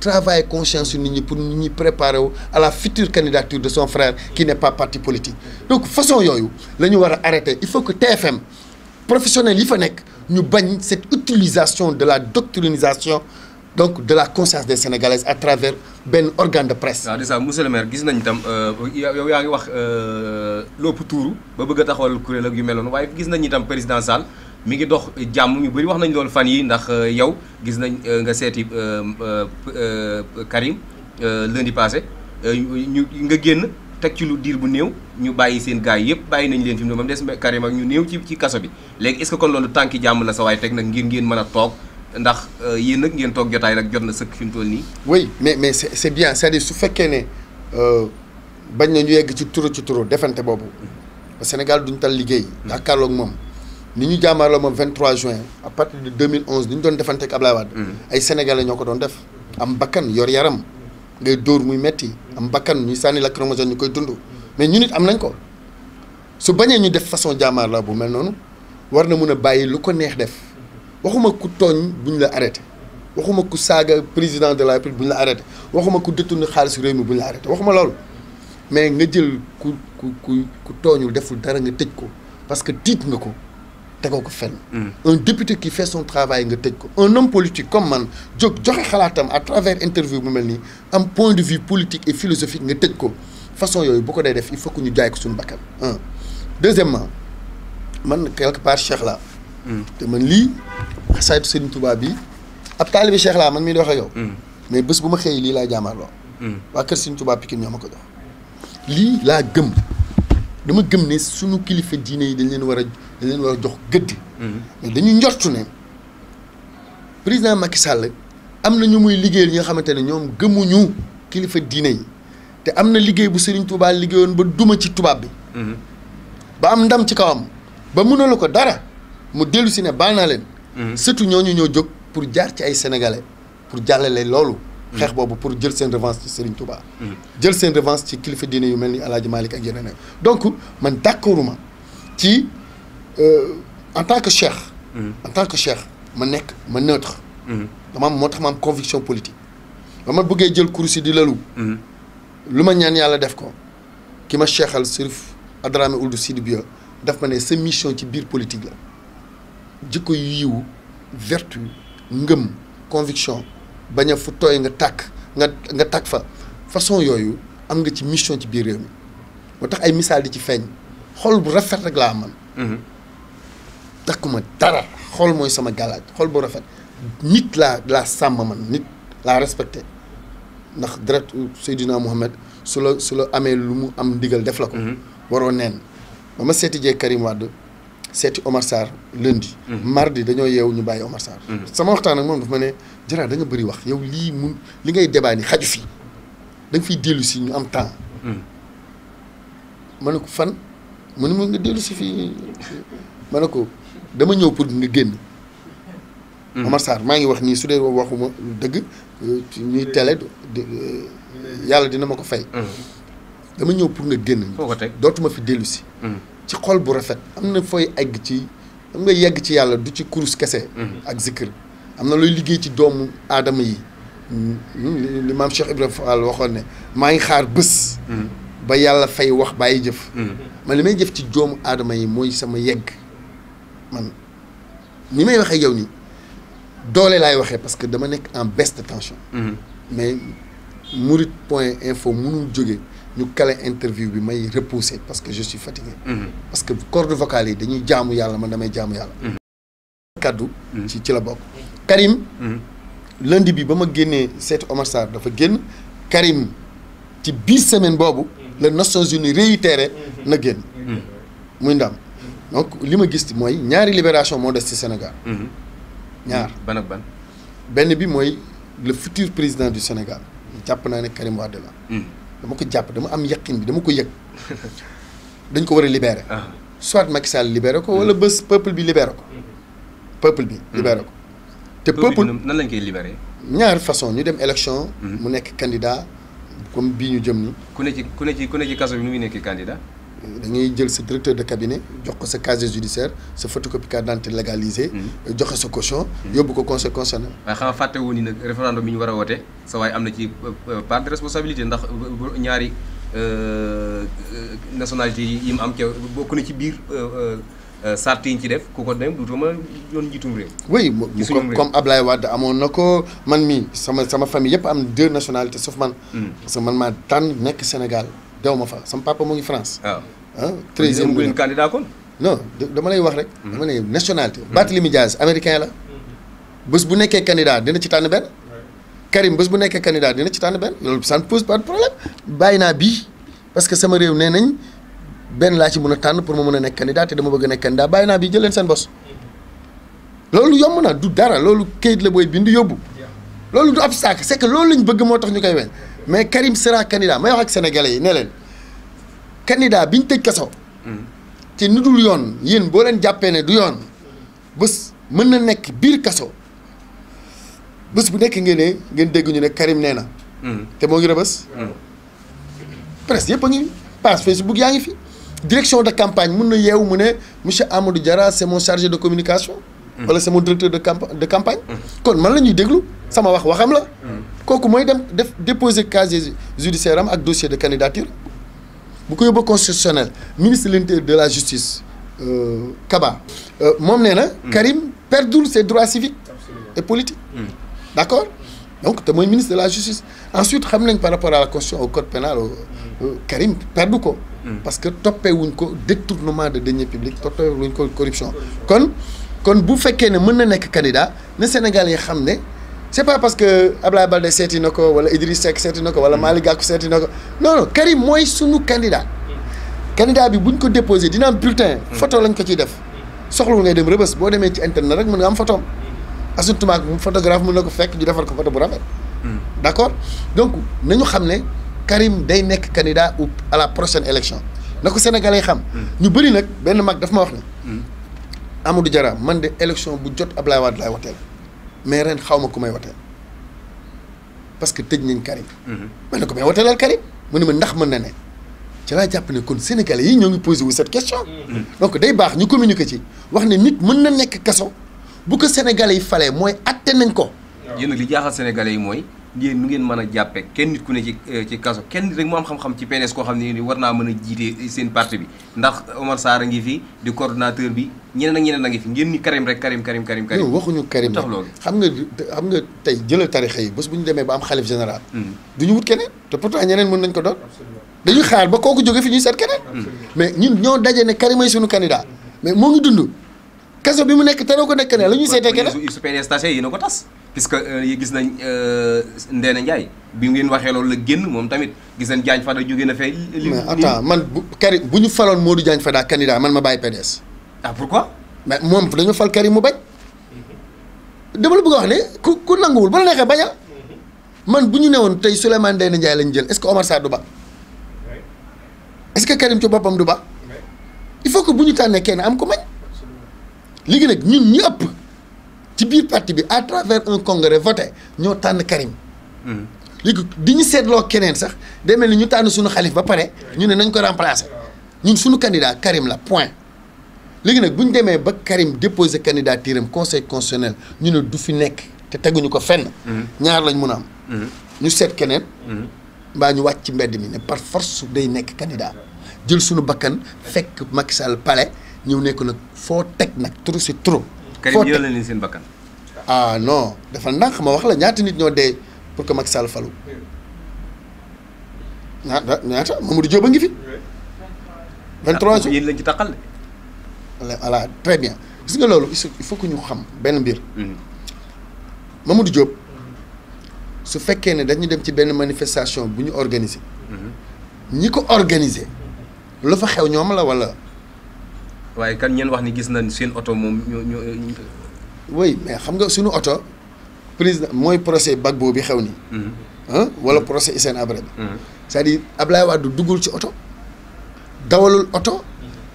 travail conscience pour nous préparer à la future candidature de son frère qui n'est pas parti politique donc façon yo façon, nous arrêter il faut que TFM professionnel, nous fa cette utilisation de la doctrinisation donc de la conscience des sénégalaises à travers ben organe de presse. waaw déjà monsieur le maire gis nañ tam euh yow yaa ngi wax euh, lopu touru ba bëgg taxawal kurel ak yu mel noonu waaye gis nañ itam président Sall mi ngi dox jamm ñu bari wax nañ lool fan yi ndax euh, yow gis nañ euh, nga seeti Karim euh lundi passé ñu nga génn tek ci lu diir bu néew ñu bayyi seen gars yi yëpp bàyyi nañ leen fi mom dess ba Karim ak ñu néew ci ci kasso bi léegi est-ce que kon loolu tanki jamm la sa waay tek nak ngir ngeen mëna tok ndax euh, yéen nak ngeen tok jotaay rek jot na sëkk fi toll nii. oui mais mais c'est bien c' des à dire su fekkee ne euh, na ñu yegg ci turu ci turu defante bobu boobu Sénégal duñ tal liggéey. jàkkaarloog mom ni ñu jaamaarloo mom 23 juin à partir de 2011 ni ñu doon defante ak Ablaye Wade. Mm. ay sénégalais ñoko ko doon def. am bakkan yor yaram ngay door muy metti am bakkan ñu sànni la ñu koy dund mais ñu nit am nañ ko su bañee ñu def façon jaamaarloo bu mel noonu war na mëna bayyi lu ko neex def waxuma ku togn buñ la arrêté waxuma ku saga président de la République buñ la arrêté waxuma ku détourné xaalis réew mi bu la arrêté waxuma loolu mais nga jël ku ku ku ku tooñul deful dara nga tej ko parce que tiit nga ko tegoo ko fenn. Mm. un député qui fait son travail nga tej ko. un homme politique comme man jóg joxe xalaatam à travers interview bu mel nii am point de vue politique et philosophique nga tej ko façon yooyu bu ko day def il faut que ñu jaay ko suñu bakkan un deuxièmement man quelque part Cheikh la te man lii xasaayitu Serigne tubaab bi ab taalibi Cheikh laa man mii di wax ak mm. mais bés bu ma xëyee lii laa jaamaarloo. Mm. waa kër tubaab Touba Pikine ñoo ma ko jox. lii laa gëm dama gëm ne suñu kilifa diine yi dañ leen war a dañ war a jox gëdd. Mm. dañu njortu ne président Macky Sall am na ñu muy liggéeyal ñi nga xamante ne ñoom gëmuñu kilifa diine yi te am na liggéey bu Serigne Touba liggéeyoon ba duma ci tubaab bi. Mm-hmm. ba am ndam ci kawam ba la ko dara. mu dellu si ne baal naa leen. Mhm. surtout ñooñu ñoo jóg pour jaar ci ay sénégalais pour jàllale lolu, mhm. xex bobu pour jël sen revanche ci Serigne Touba. Mhm. jël sen revanche ci kilifa diine yu melni ni malik ak yeneen donc man d'accorduma ci euh, en tant que cheikh. en tant que cheikh ma nek ma neutre. dama am moo ma am conviction politique. ba ma bëggee jël kursi di lalu. lu ma ñaan yàlla def ko ki ma cheikhal Serif Adrame Ould Sidibia daf ma ne sa mission ci biir politique la. jikko yu yiw vertu ngëm conviction bañ fu tooy nga tàkk nga nga tàkk fa façon yooyu am nga ci mission ci biir réew mi moo tax ay misaal di ci feeñ xool bu rafet rek laa man mhm. takkuma dara xool mooy sama galaaj xool bu rafet nit laa laa sàmm man nit laa respecté ndax deret Seydina Mohamed su la su la amee lu mu am ndigal def la ko mhm. waroo neen ba ma seeti jee Karim Wade seeti Omar Sarr lundi. Mhm. mardi dañoo yeewu ñu bàyyi Omar Sarr. Mhm. sama waxtaan ak moom dafa ma ne Diarra da bari wax yow lii mun li ngay débat ni xaju fi da nga fiy si ñu am temps. Mhm. ma ne ko fan mu ne ma nga dellu si fii ma ne ko dama ñëw pour nga génn. Omar maa ngi wax nii su dee waxuma dëgg ñuy télé yàlla dina ma ko fay. dama ñëw pour nga génn. dootuma fi dellu ci xol bu rafet am na fooy egg ci am nga yegg ci yàlla du ci kurus kese. ak zikir am na looy liggéey ci doomu aadama yi. li maam Cheikh Ibrahima Fall waxoon ne maa ngi xaar bés. ba yàlla fay wax bàyyi jëf. man li may jëf ci doomu aadama yi mooy sama yegg man ni may waxee yow nii doole laay waxee parce que dama nekk en baisse de tension. mais murit point info mënul jóge. nous interview bi may repousser parce que je suis fatigué. Mhm. parce que cordes vocales de dañuy jaamu yalla man damay mhm. Mhm. Karim. lundi bi bama ma cette Omar Karim ci biir semaine le Nations Unies réitéré na me muy ndam donc moi ma gis mooy libération modeste Sénégal. ñaar ban ban. le futur président du Sénégal japp na Karim dama ko jàpp dama am yaqin bi dama ko yëg dañ ko war a libérer. Ah. soit Macky Sall libéré ko wala bés peuple bi libéré ko. peuple bi hmm. libéré ko. te peuple nan lañ koy libéré. ñaar façon ñu dem élection. Hmm. mu nekk candidat comme bii ñu jëm ni ku ne ci ku ne ci ku ne ci kaso bi nu muy nekk candidat dañuy jël ce directeur de cabinet jox ko sa casier judiciaire sa photocopie carte d'identité légalisée. Hmm. joxe sa caution. Hmm. yóbbu ko conseil waaye xam fàtte référendum bi ñu am ci euh, euh, part de responsabilité ndax euh, ñaari nationalité yi am ca bokk na ci biir yi ci def ko dem oui comme Ablaye amoon na famille deux nationalités sauf man. Hmm. parce que man Sénégal. dew ma fa sama papa mu ngi France. waaw ah. ah treizième bu candidat kon. no dama lay wax rek. Hmm. dama lay nationalité. Hmm. Barthélémy Diaz américain la. Hmm. bés bu nekkee candidat dina ci tànn benn. Karim bés bu nekkee candidat dina ci tànn benn loolu ça ne pose pas de problème bàyyi naa bii parce que sama réew nee nañ benn laa ci mën a tànn pour ma mën a nekk candidat te dama bëgg a nekk candidat bàyyi naa bii jël seen bos. loolu yomb na du dara loolu këyit la booy bind yóbbu. loolu du obstacle c'est que loolu lañ bëgg moo tax ñu koy weñ mais Karim sera candidat may wax ak sénégalais yi ne leen candidat bi ñu tëj kaso. ci nu dul yoon yéen boo leen jàppee ne du yoon bés mën na nekk biir kaso bés bu nekk ngeen ne ngeen dégg ñu ne Karim nee na. te moo ngi rëbës. presse yëpp a ngi page Facebook yaa ngi fi direction de campagne mun na yeewu mu ne monsieur Amadou Diarra c'est mon chargé de communication. c'est mon directeur de de campagne. kon man sais pas déglu sama wax waxam la. koku moy dem déposer casier judiciaire am ak dossier de candidature. bu ko constitutionnel, constitutionnel ministre de la justice euh, Kaba euh, a perdu hmm. Karim ses droits civiques. et politiques. Hmm. d'accord donc te moy ministre de la justice. ensuite xam par rapport à la constitution au code pénal hmm. euh, Karim perdu ko. parce que topé wuñ ko détournement de deniers publics topé wuñ ko corruption kon kon bu fekkee ne mën candidat na Sénégal yi xam ne c'est pas parce que Ablaye Balde seeti ko wala Idriss Seck seeti ko wala hmm. Malick Gakou seeti ko non non Karim mooy sunu candidat. candidat bi buñ ko déposer. dina am bulletin. Hmm. photo lañ ko ciy def. soxlawul ngay dem rëbës boo demee ci internet rek mën nga am photo am. Hmm. assurément photographe mën na ko fekk ñu defal ko photo bu rafet. d'accord donc nañu xam Karim day nekk candidat au à la prochaine élection na ko sénégalais xam. ñu bëri nag benn mag daf ma wax ne. Amadou Diarra man de élection bu jot Ablaye Wade laay wateel mais ren xaw ma ku may wateel parce que tëj nañ Karim. Mhm. ma ne ko may wateelal Karim mu ne ma ndax mën na ne ci laa jàpp ne kon sénégalais yi ñoo ngi posé wu cette question. Mhm. donc day baax ñu communiquer ci wax ne nit mën na nekk kaso bu ko sénégalais yi falee mooy atte nañ ko. yéen li jaaxal sénégalais yi mooy. yéen nu ngeen mën a jàppe kenn nit ku ne ci euh, kaso kenn nit rek mu xam-xam ci koo xam ne war naa mën a jiite seen parti bi ndax Omar Sarr a ngi fi di coordonnateur bi ñeneen ak ñeneen a ngi fi ngeen ni Karim rek Karim Karim Karim Karim yow waxuñu Karim tax loolu xam nga xam nga tey jëlal tarixa yi bés bu ñu demee ba am xalif général hmm. duñu wut keneen te pourtant ñeneen mën nañ ko doon dañuy xaar ba kooku jóge fi ñu seet keneen hmm. mais ñun ñoo daje ne Karim ay suñu candidat mais moo ngi dund kaso bi mu nekk teroo ko nekk ne la ñuy seetee keneen su PDS tase yi na ko tas puisque euh, gis nañ euh, Ndéna Ndiaye bi ngeen waxee loolu la génn moom tamit gis jaañ Diagne Fada jóge na fee. li mais attends man bu Karim bu ñu faloon Modou Diagne Fada candidat man ma bàyyi PDS. ah pourquoi. mais moom dañu fal Karim mu bañ. dama la bëgg a wax ne ku ku nanguwul ba la neexee bañal. man bu ñu newoon tey Souleymane Ndéna Ndiaye lañ jël est-ce que Omar Sarr du est-ce que Karim ci boppam du ba. il faut que bu ñu tànnee kenn am ko mañ. léegi nag ñun ñi ëpp. ci parti bi à travers un congrès voté ñu tan Karim. Ligue, di ñu seetloo keneen sax day mel ni ñu tan suñu xalif ba paré ñu né nañ ko remplacer ñun suñu candidat Karim la point. Ligue, nak bu démé ba Karim déposé candidature au conseil constitutionnel ñu ne du fi nekk té téguñu ko fenn. ñaar lañ mëna a am. ñu sét keneen. ba ñu wacc ci mi né par force day nekk candidat jël suñu bakkan fekk Macky Sall palais ñu nekk nak fo teg nak trop c'est trop. Karim yële ni seen ah no, dafa ndànk ma wax la ñaata nit ñoo dee pour que Macky Sall falu na ñaata Mamadou Diop a ngi fi. 23 jours ah, yéen lañ ci taqal de. voilà très bien gis nga loolu il faut que ñu xam benn mbir. Hmm. Mamadou Diop su fekkee ne dañu dem ci benn manifestation bu organiser. Hmm. ñi ko organiser lu fa xew ñoom la wala. waaye kan ñeen wax ni gis nañ seen oto moom ñoo ñoo oui mais xam nga suñu oto président mooy procès Gbagbo bi xew ni mhm. wala mhm. procès Hissène Habré bi. Mhm. c'est-à-dire Ablaye Wade duggul ci oto dawalul oto.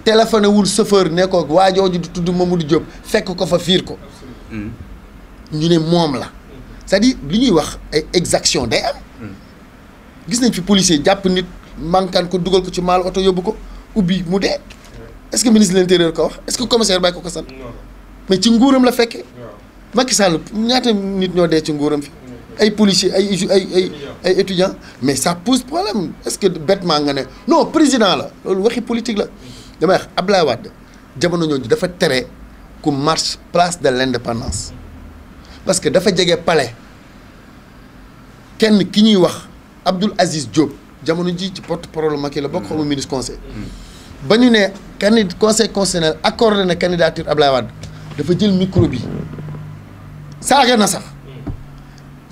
téléphoné wul chauffeur ne ko waa jooju di tudd Mamadou Diop fekk ko fa fiir ko. ñu ne moom la. c'est-à-dire li ñuy wax ay exaction day am. gis nañ fi policier jàpp nit mankaan ko dugal ko ci maal oto yóbbu ko ubbi mu dee. est-ce que le ministre de l'intérieur l'a dit est-ce que commissaire Baye ko ko sant. mais ci nguuram la fekkee. Macky Sall ñaata nit ñoo dee ci un fi. ay policiers ay ay ay des étudiants mais ça pose problème est-ce que bêtement Mangane... non président la loolu waxi politique là. damay wax Ablaye Wade jamono ñooñu un tere ku marche place de l'indépendance parce que dafa jege palais kenn ki ñuy wax Abdoul Aziz Diop jamono ji ci porte-parole Macky la bokk xaw ministre conseil. Mm. Le né conseil constitutionnel accordé na candidature Ablaye Wade dafa jël micro bi saaga na sax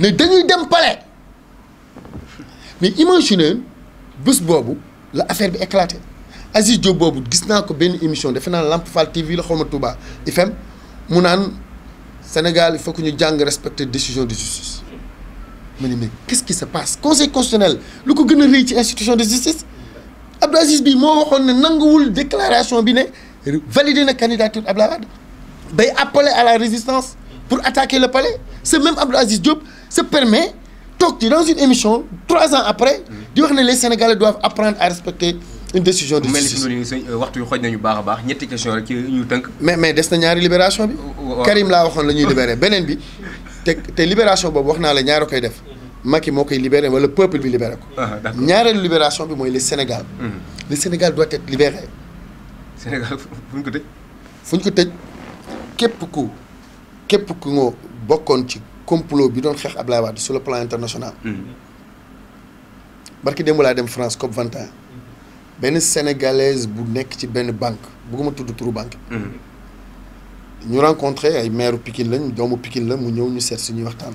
né dañuy dem palais mais imaginez bus bobu la affaire bi éclaté Aziz Diop bobu gis naa ko benn émission def na Lamp fal TV la xaw Touba mu nan Sénégal il faut que ñu jang respecter décision de justice mais mais qu'est-ce qui se passe conseil constitutionnel lu ko gëna institution de justice. Abdou Aziz bi mo waxone déclaration bi né valider na candidature Abdoulaye Il bay appeler à la résistance pour attaquer le palais ce même Abdou Diop se permet toog dans une émission trois ans après di wax que les Sénégalais doivent apprendre à respecter une décision de justice waxtu baax ñetti question rek ñu mais mais des na ñaari libération bi. Karim la waxone lañuy ñuy benen bi te libération bobu waxna la ñaaro koy def. Macky moo koy libéré le peuple bi libéré ko. Ah, ñaareelu libération bi mooy le Sénégal. Hmm. le Sénégal doit être libéré. Sénégal fu ñu ko tëj. fu ñu ko tëj képp ku képp ku nga bokkoon ci complot bi doon xeex Ablaye Wade sur le plan international. Hmm. barki démb laa dem France COP 21. benn sénégalaise bu nekk ci benn banque bugguma tudd turu banque. Hmm. ñu rencontré ay maire Pikine lañ doomu Pikine la mu ñëw ñu seet suñuy waxtaan.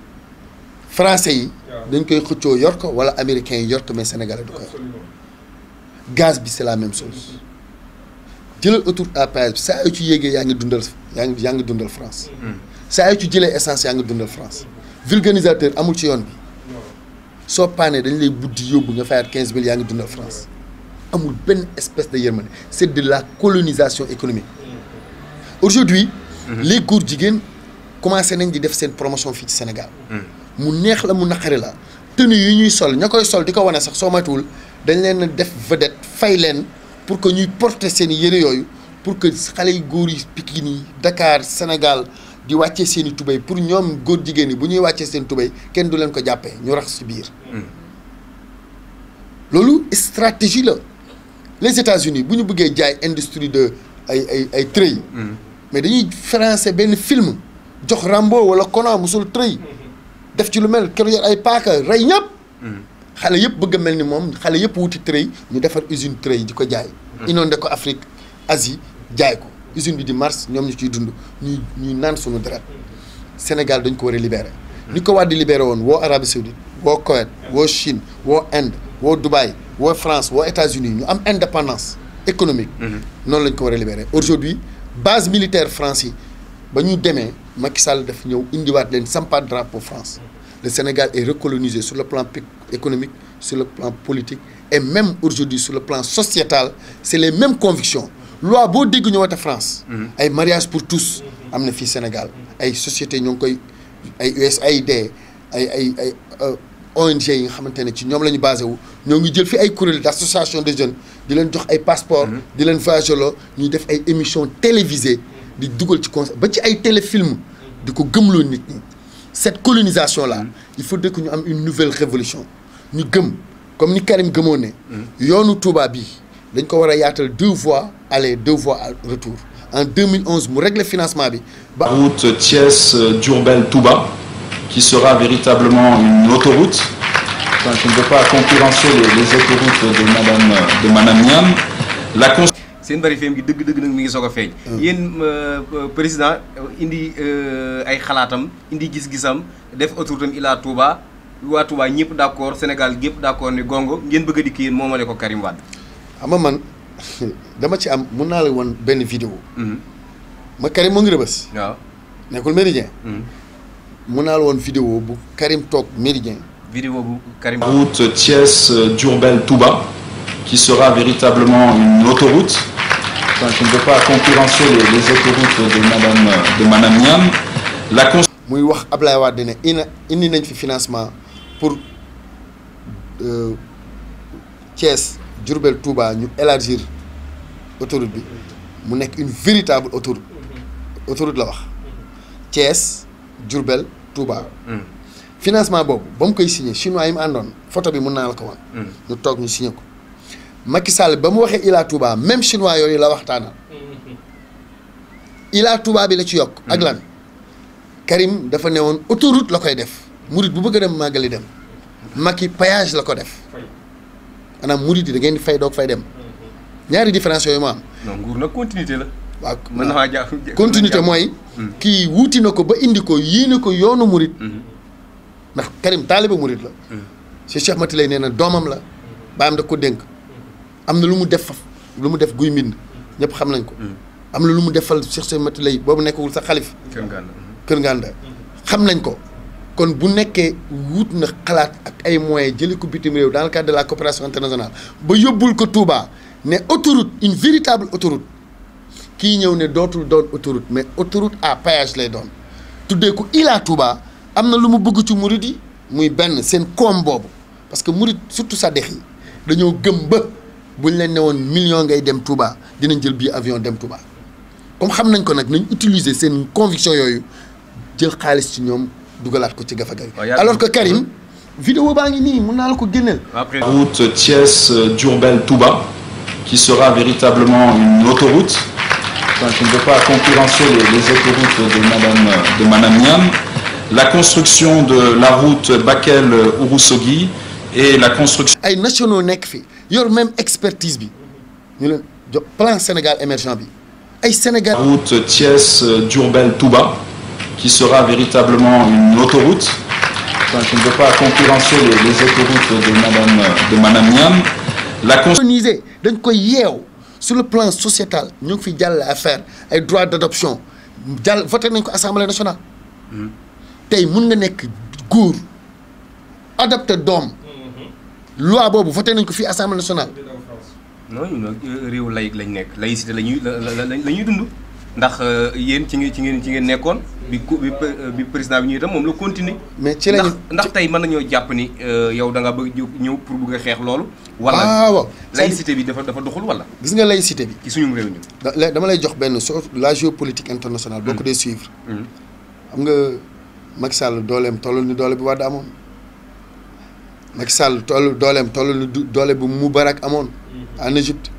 français yi dañ koy xëccoo yor ko wala américains yi yor ko mais sénégalais du ko gaz bi c'est la même chose jëlal autoroute à péage ça saa yu ci yéegee yaa ngi dundal yaa ngi yaa ngi dundal France ça hmm. yu ci jëlee essence yaa ngi dundal France vulcanisateur amul ci yoon bi soo paanee dañ lay buddi yóbbu nga fayaat quinze mille yaa ngi dundal France amul benn espèce de yërmande c'est de la colonisation économique hmm. aujourd'hui hmm. les góor jigéen commencé nañ di def seen promotion fii ci Sénégal mu neex la mu naqari la tenue yi ñuy sol ña koy sol di ko wane sax soo matul dañ leen def vedette fay leen pour que ñuy porter seen i yére yooyu pour que xale yi góor yi Dakar Sénégal di wàccee seen i pour ñoom góor jigéen yi bu ñuy wàccee seen tubéy kenn du leen ko jàppee ñu rax ci biir. Hmm. loolu stratégie la les États-Unis bu ñu bëggee jaay industrie de ay ay ay trëy hmm. mais dañuy français benn film jox Rambo wala Conan musul trëy def ci lu mel ay paaka ray ñëpp. Hmm. xale yëpp bëgg a mel ni moom wuti trey ñu defar usine trey di jaay. Hmm. inonde ko Afrique Asie jaay ko usine bi di mars ñoom ñu ciy dund Sénégal dañ ko war libéré. Hmm. ni ko libéré Arabie Saoudite woo Koweït woo Chine woo Inde woo Dubaï woo France woo États-Unis ñu am indépendance économique. non lañ ko libéré aujourd'hui base militaire française, yi ba Macky Sall daf ñëw indiwaat leen sampa drapeau France le Sénégal est recolonisé sur le plan économique sur le plan politique et même aujourd'hui sur le plan sociétal c'est les mêmes convictions loi beau est la France Un mhm. mariage pour tous am na Sénégal ay société ñoo koy ay USAID ay euh, ONG yi avons ci des basé de jeunes di a des ay passeport mhm. di leen voyageloo def ay émissions télévisées di y ci des ba ci ay téléfilm ko nit cette colonisation là mm. il faut que ñu am une nouvelle révolution ñu gëm comme ni Karim gëmoon ne mm. yoonu Touba bi dañ ko wara a yaatal deux voies aller deux voies retour en 2011 mu régler financement bi route Thiès euh, durbel Touba qui sera véritablement une autoroute je ne veux pas concurrencer les, autoroutes de Madame, euh, de Madame Niam. La seen bari feem gi deug deug nak mi ngi soga a mm. yeen euh, president indi euh, ay xalaatam indi gis-gisam def autoutam ila Touba wa Touba ñepp d'accord senegal gep d'accord ni gongo ngeen bëgg a dikk momale ko Karim wad ama ah, man dama ci am mu naale won ben vidéo ma Karim mo ngi rëbës wa nekul meridien mun naa la mm-hmm. mm-hmm. vidéo bu Karim tok meridien vidéo bu Karim route Thiès Durbel Touba qui sera véritablement une autoroute. Enfin, je ne veux pas concurrencer les, les autoroutes de Madame, de Madame Niam. La muy wax Ablaye Wade ne indi nañ fi financement pour euh, Thiès Djourbel, Touba ñu élargir autoroute bi mu nekk une véritable autoroute autoroute la wax Thiès Djourbel, Touba. Mm. financement boobu ba mu koy signé chinois yi mu àndoon photo bi mun naa la ko wan. Mm. ñu toog ñu signé ko. Macky Sall ba mu waxee Ila tubaa même chinois yooyu la waxtaanal mm-hmm. Ila Touba bi la ci yokk. ak mm-hmm. lan Karim dafa ne woon autoroute la koy def murit bu bëgg a dem màggali dem Macky péage la ko def maanaam murit yi da ngeen di fay doog fay dem mm-hmm. ñaari différence yooyu moo am. non nguur la. waaw mën na mooy. Mm. kii wuuti na ko ba indi ko yéene ko yoonu murit. ndax Karim taaliba murit la. Mm. si Cheikh Mati lay nee na doomam la baam da ko dénk. am na lu mu def lu mu def guy mbind ñëpp xam nañ ko. Mm. am na lu mu defal Cheikh Seye Mati lay boobu nekkul sa xalif. Kër Kër Nganda xam nañ ko kon bu nekkee wut na xalaat ak ay moyens jëli ko bitim réew dans la coopération internationale ba yóbbul ko Touba ne autoroute une véritable autoroute kii ñëw ne dootul doon autoroute mais autoroute à péage lay doon. tuddee ko Ila Touba am na lu mu bëgg ci murid yi muy benn seen koom boobu parce que murid surtout sa dex yi dañoo gëm ba. buñ leen ne woon ngay dem Touba dinañ jël bi avion dem Touba comme xam nañ ko nak nañ utiliser seen conviction yoyu jël xaliss ci ñom dugalaat ko ci gafa yi oh, alors que Karim vidéo baangi ni nii mun la ko gënël route Thiès durbel Touba qui sera véritablement une autoroute enfin, qui ne peut pas concurrencer les, les autoroutes de madame de madame Niam la construction de la route Bakel Ourossogui et la construction ay nationaux sont fi même expertise bi plan Sénégal émergent bi ay Sénégal. route Thiès euh, durbel Touba qui sera véritablement une autoroute je ne veux pas concurrencer les, autoroutes de madame euh, de madame Niam. la coloniser dañ koy yew sur le plan sociétal ñu fi jall affaire ay droits d'adoption jall voté nañ ko assemblée nationale. Hmm. tay mën nga nek adopté loi boobu voté nañ ko fi assemblée nationale. non ñun euh, réew laïc lañ nek laïcité la ñuy la dund ndax euh, yeen ci ngeen ci ngeen ci ngeen nekkoon. bi euh, bi président bi ñu itam moom la continuer. mais ci lañ ndax tey mën nañoo jàpp ni yow da nga bëgg ñëw pour bëgg a xeex loolu. waaw laïcité bi dafa dafa doxul wala. gis nga laïcité bi. ci suñu réew ñu. dama lay jox benn sur la géopolitique internationale. boo hmm. ko dee suivre. Hmm. xam nga Macky Sall dooleem toll ni doole bi Wade amoon. Macky Sall toll dooleem toll ni doole bu Moubarak amoon en Égypte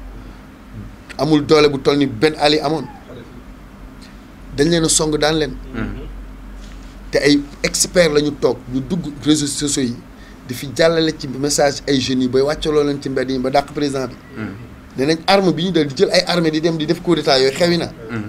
amul doole bu toll ni benn Ali amoon dañ leen song daan leen te ay experts la ñu toog ñu dugg réseaux sociaux yi di fi jàllale ci message ay jeunes yi bay wàccaloo leen ci mbedd yi ba dàq président bi danañ mm-hmm. arme bi ñu dal di jël ay armée di dem di def coup d'état yooyu xewi na mm-hmm.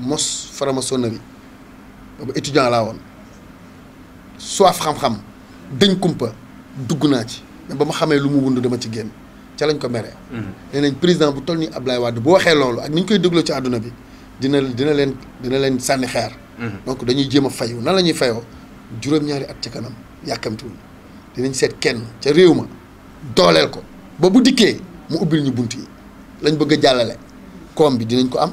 mos franc-maçonnerie boobu étudiant laa woon soif xam-xam dëñ kumpa dugg naa ci ba ma xamee lu mu wund dama ci génn ca lañ ko meree. Mhm. nee nañ président bu toll nii Abdoulaye Wade bu waxee loolu ak ni ñu koy dégloo ci àdduna bi dina dina leen dina leen sànni xeer. Mhm. donc dañuy jéem a fayu nan la ñuy fayoo juróom-ñaari at ci kanam yàkkamtiwul dinañ seet kenn ca réew ma dooleel ko ba bu dikkee mu ubbil ñu bunt yi lañ bëgg a jàllale koom bi dinañ ko am.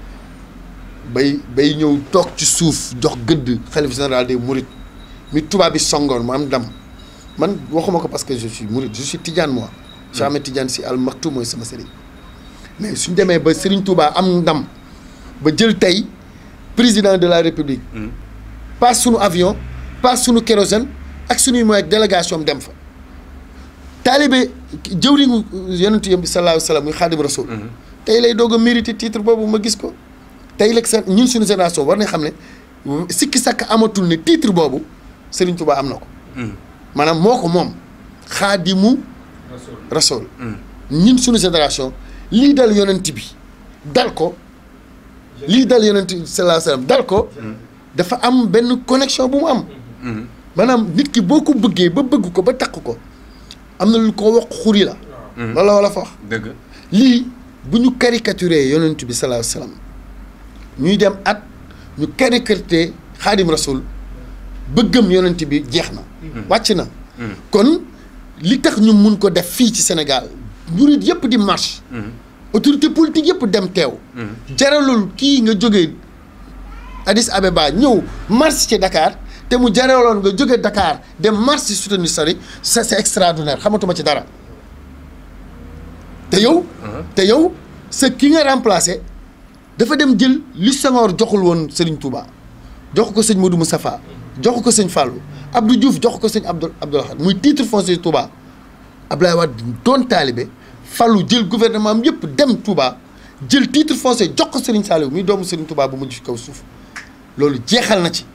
bay bay ñëw toog ci souf jox gëdd xalif général des mourides mi touba bi songol mo am dam man waxuma ko parce que je suis mouride je suis Tidiane moi Cheikh mm. Ahmed Tidiane Sy Al maktou mooy sama serigne mais suñu démé ba Serigne Touba am ndam ba jël tay président de la république mm. pas suñu avion pas suñu kérosène ak suñuy mooy délégation dem fa taalibe jëwriñu yonentu yam bi sallallahu alayhi wa sallam muy xaadim rasul mm-hmm. tey lay doog a titre bobu ma gis ko tey léegi seen ñun suñu génération war nañ xam ne sikki sàkk amatul ne titre boobu Serigne Touba am na ko. Hmm. maanaam moo ko moom xaadimu. rasool hmm. ñun suñu génération lii dal yonent bi dal ko. lii dal yonent bi sallallahu alayhi dal ko. Hmm. dafa am benn connexion bu mu am. maanaam nit ki boo ba bëgg ko ba takk ko am na lu ko wax xuri lii bu ñu caricaturé yonent bi sallallahu alayhi wasallam ñuy dem at ñu caricaturé xaadim rasul bëggam yonent bi jeex na. Hmm. wàcc na. Hmm. kon li tax ñu mun ko def fii ci senegal murid yëpp di marche. Hmm. autorité politique yëpp dem teew. jaralul kii nga jógee Addis ba ñëw marche ci dakaar te mu jaraloon nga jóge dakaar dem marche ci soutenir sari c'est c'est extraordinaire xamatuma ci dara. te yow. Uh-huh. te yow sa ki nga remplacé. dafa dem jël li Senghor joxul won Serigne Touba jox ko serigne Modou Moustapha jox ko serigne Fallou Abdou Diouf jox ko serigne Abdou Abdoul Ahad muy titre foncier Touba ablaye wad don talibé Fallou jël gouvernement am yëpp dem Touba jël titre foncier jox ko Serigne salew muy dom Serigne Touba bu mujj ci kaw souf lolou jeexal na ci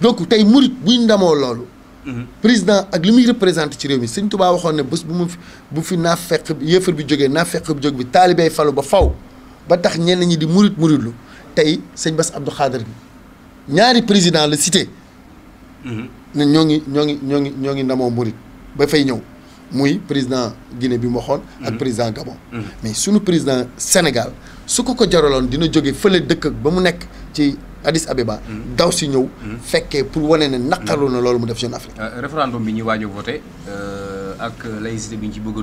donc tey murit buy ndamo lolou mhm. président ak limi muy représenté ci réew mi Serigne Touba waxone ne bu mu bu fi naafeq yéefar bi jógee naafeq bi jog bi talibé Fallou ba faw ba tax ñenn ñi di murit muritlu tay sëñ Bass Abdou Khader ñaari président la cité. hmm ñoo ngi ñoo ngi ñoo ngi ñoo ngi ba fay ñew muy président Guinée bi mo waxoon. ak mm-hmm. président Gabon. Mm-hmm. mais suñu président Sénégal su ko ko jaraloon dina joggé feulé dekk ba mu nek ci. Addis Abeba. Mm-hmm. daw si ñew fekkee pour woné né naqaru na loolu mu def Jeune Afrique. Euh, référendum bi ñi waaj voter euh ak laïcité bi ñu ci bëgg a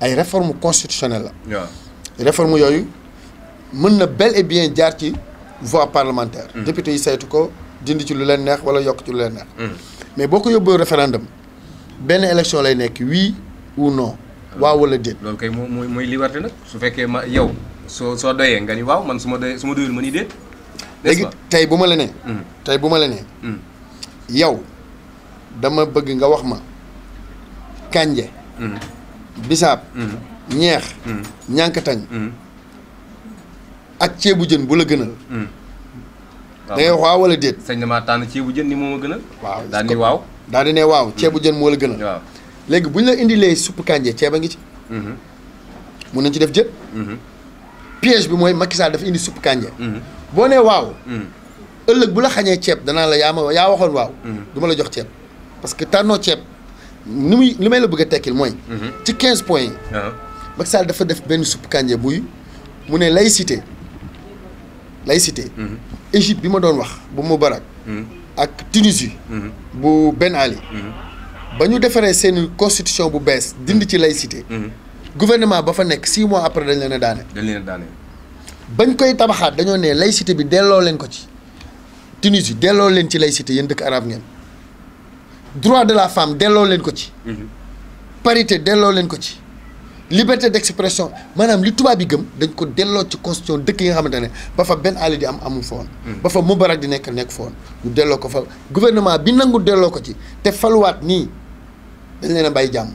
ay réforme constitutionnelle la réforme yooyu bel et bien jaar ci voie parlementaire mm. député yi saytu ko dindi ci lu leen neex wala yokk ci lu leen mm. mais boo ko référendum benn élection lay nekk oui ou non ah. waaw wala déet loolu kay avez mooy liberté nag su fekkee yow soo soo doyee waaw man su ma doyee su ma doyul ma ni la tey la ma bisaab mm-hmm. ñeex mm-hmm. ñànkatañ mm-hmm. ak ceebu jën bu la gënal da ngay wax waaw wala déet sañ na maa tànn ceebu jën ni moo ma gënal waaw daal waaw daal di ne waaw ceebu jën moo la gënal waaw léegi bu ñu la indilee suppu kànje ceeb a ngi ci mun nañ ci def jën piège bi mooy Macky Sall dafa indi suppu kànje boo nee waaw ëllëg bu la xañee ceeb danaa la yaa ma yaa waxoon waaw du la jox ceeb parce que tànnoo ceeb ni muy li may la bëgg a tekkil mooy. Mhm. ci quinze points yi. waaw ah. dafa def benn supp kànje buy mu ne laïcité laïcité. Mhm. Égypte bi ma doon wax bu Moubarak. Mhm. ak Tunisie. bu Ben Ali. ba ñu defaree seen constitution bu bees dind ci laïcité. gouvernement ba fa nekk 6 mois après dañ leen a daane. dañ leen a daane. koy tabaxaat dañoo ne laïcité bi delloo leen ko ci yi delloo leen ci laïcité yéen dëkk arab ngeen. droit de la femme delloo leen ko ci. Mhm. parité delloo leen ko ci. liberté d'expression maanaam li tubaab yi gëm dañ ko delloo ci constitution dëkk yi nga xamante ne ba fa Ben Ali di am amul fa woon mhm. ba fa Moubarak di nekk nekk fa woon ñu delloo ko fa gouvernement bi nangu delloo ko ci te faluwaat nii dañ leen a bàyyi jàmm.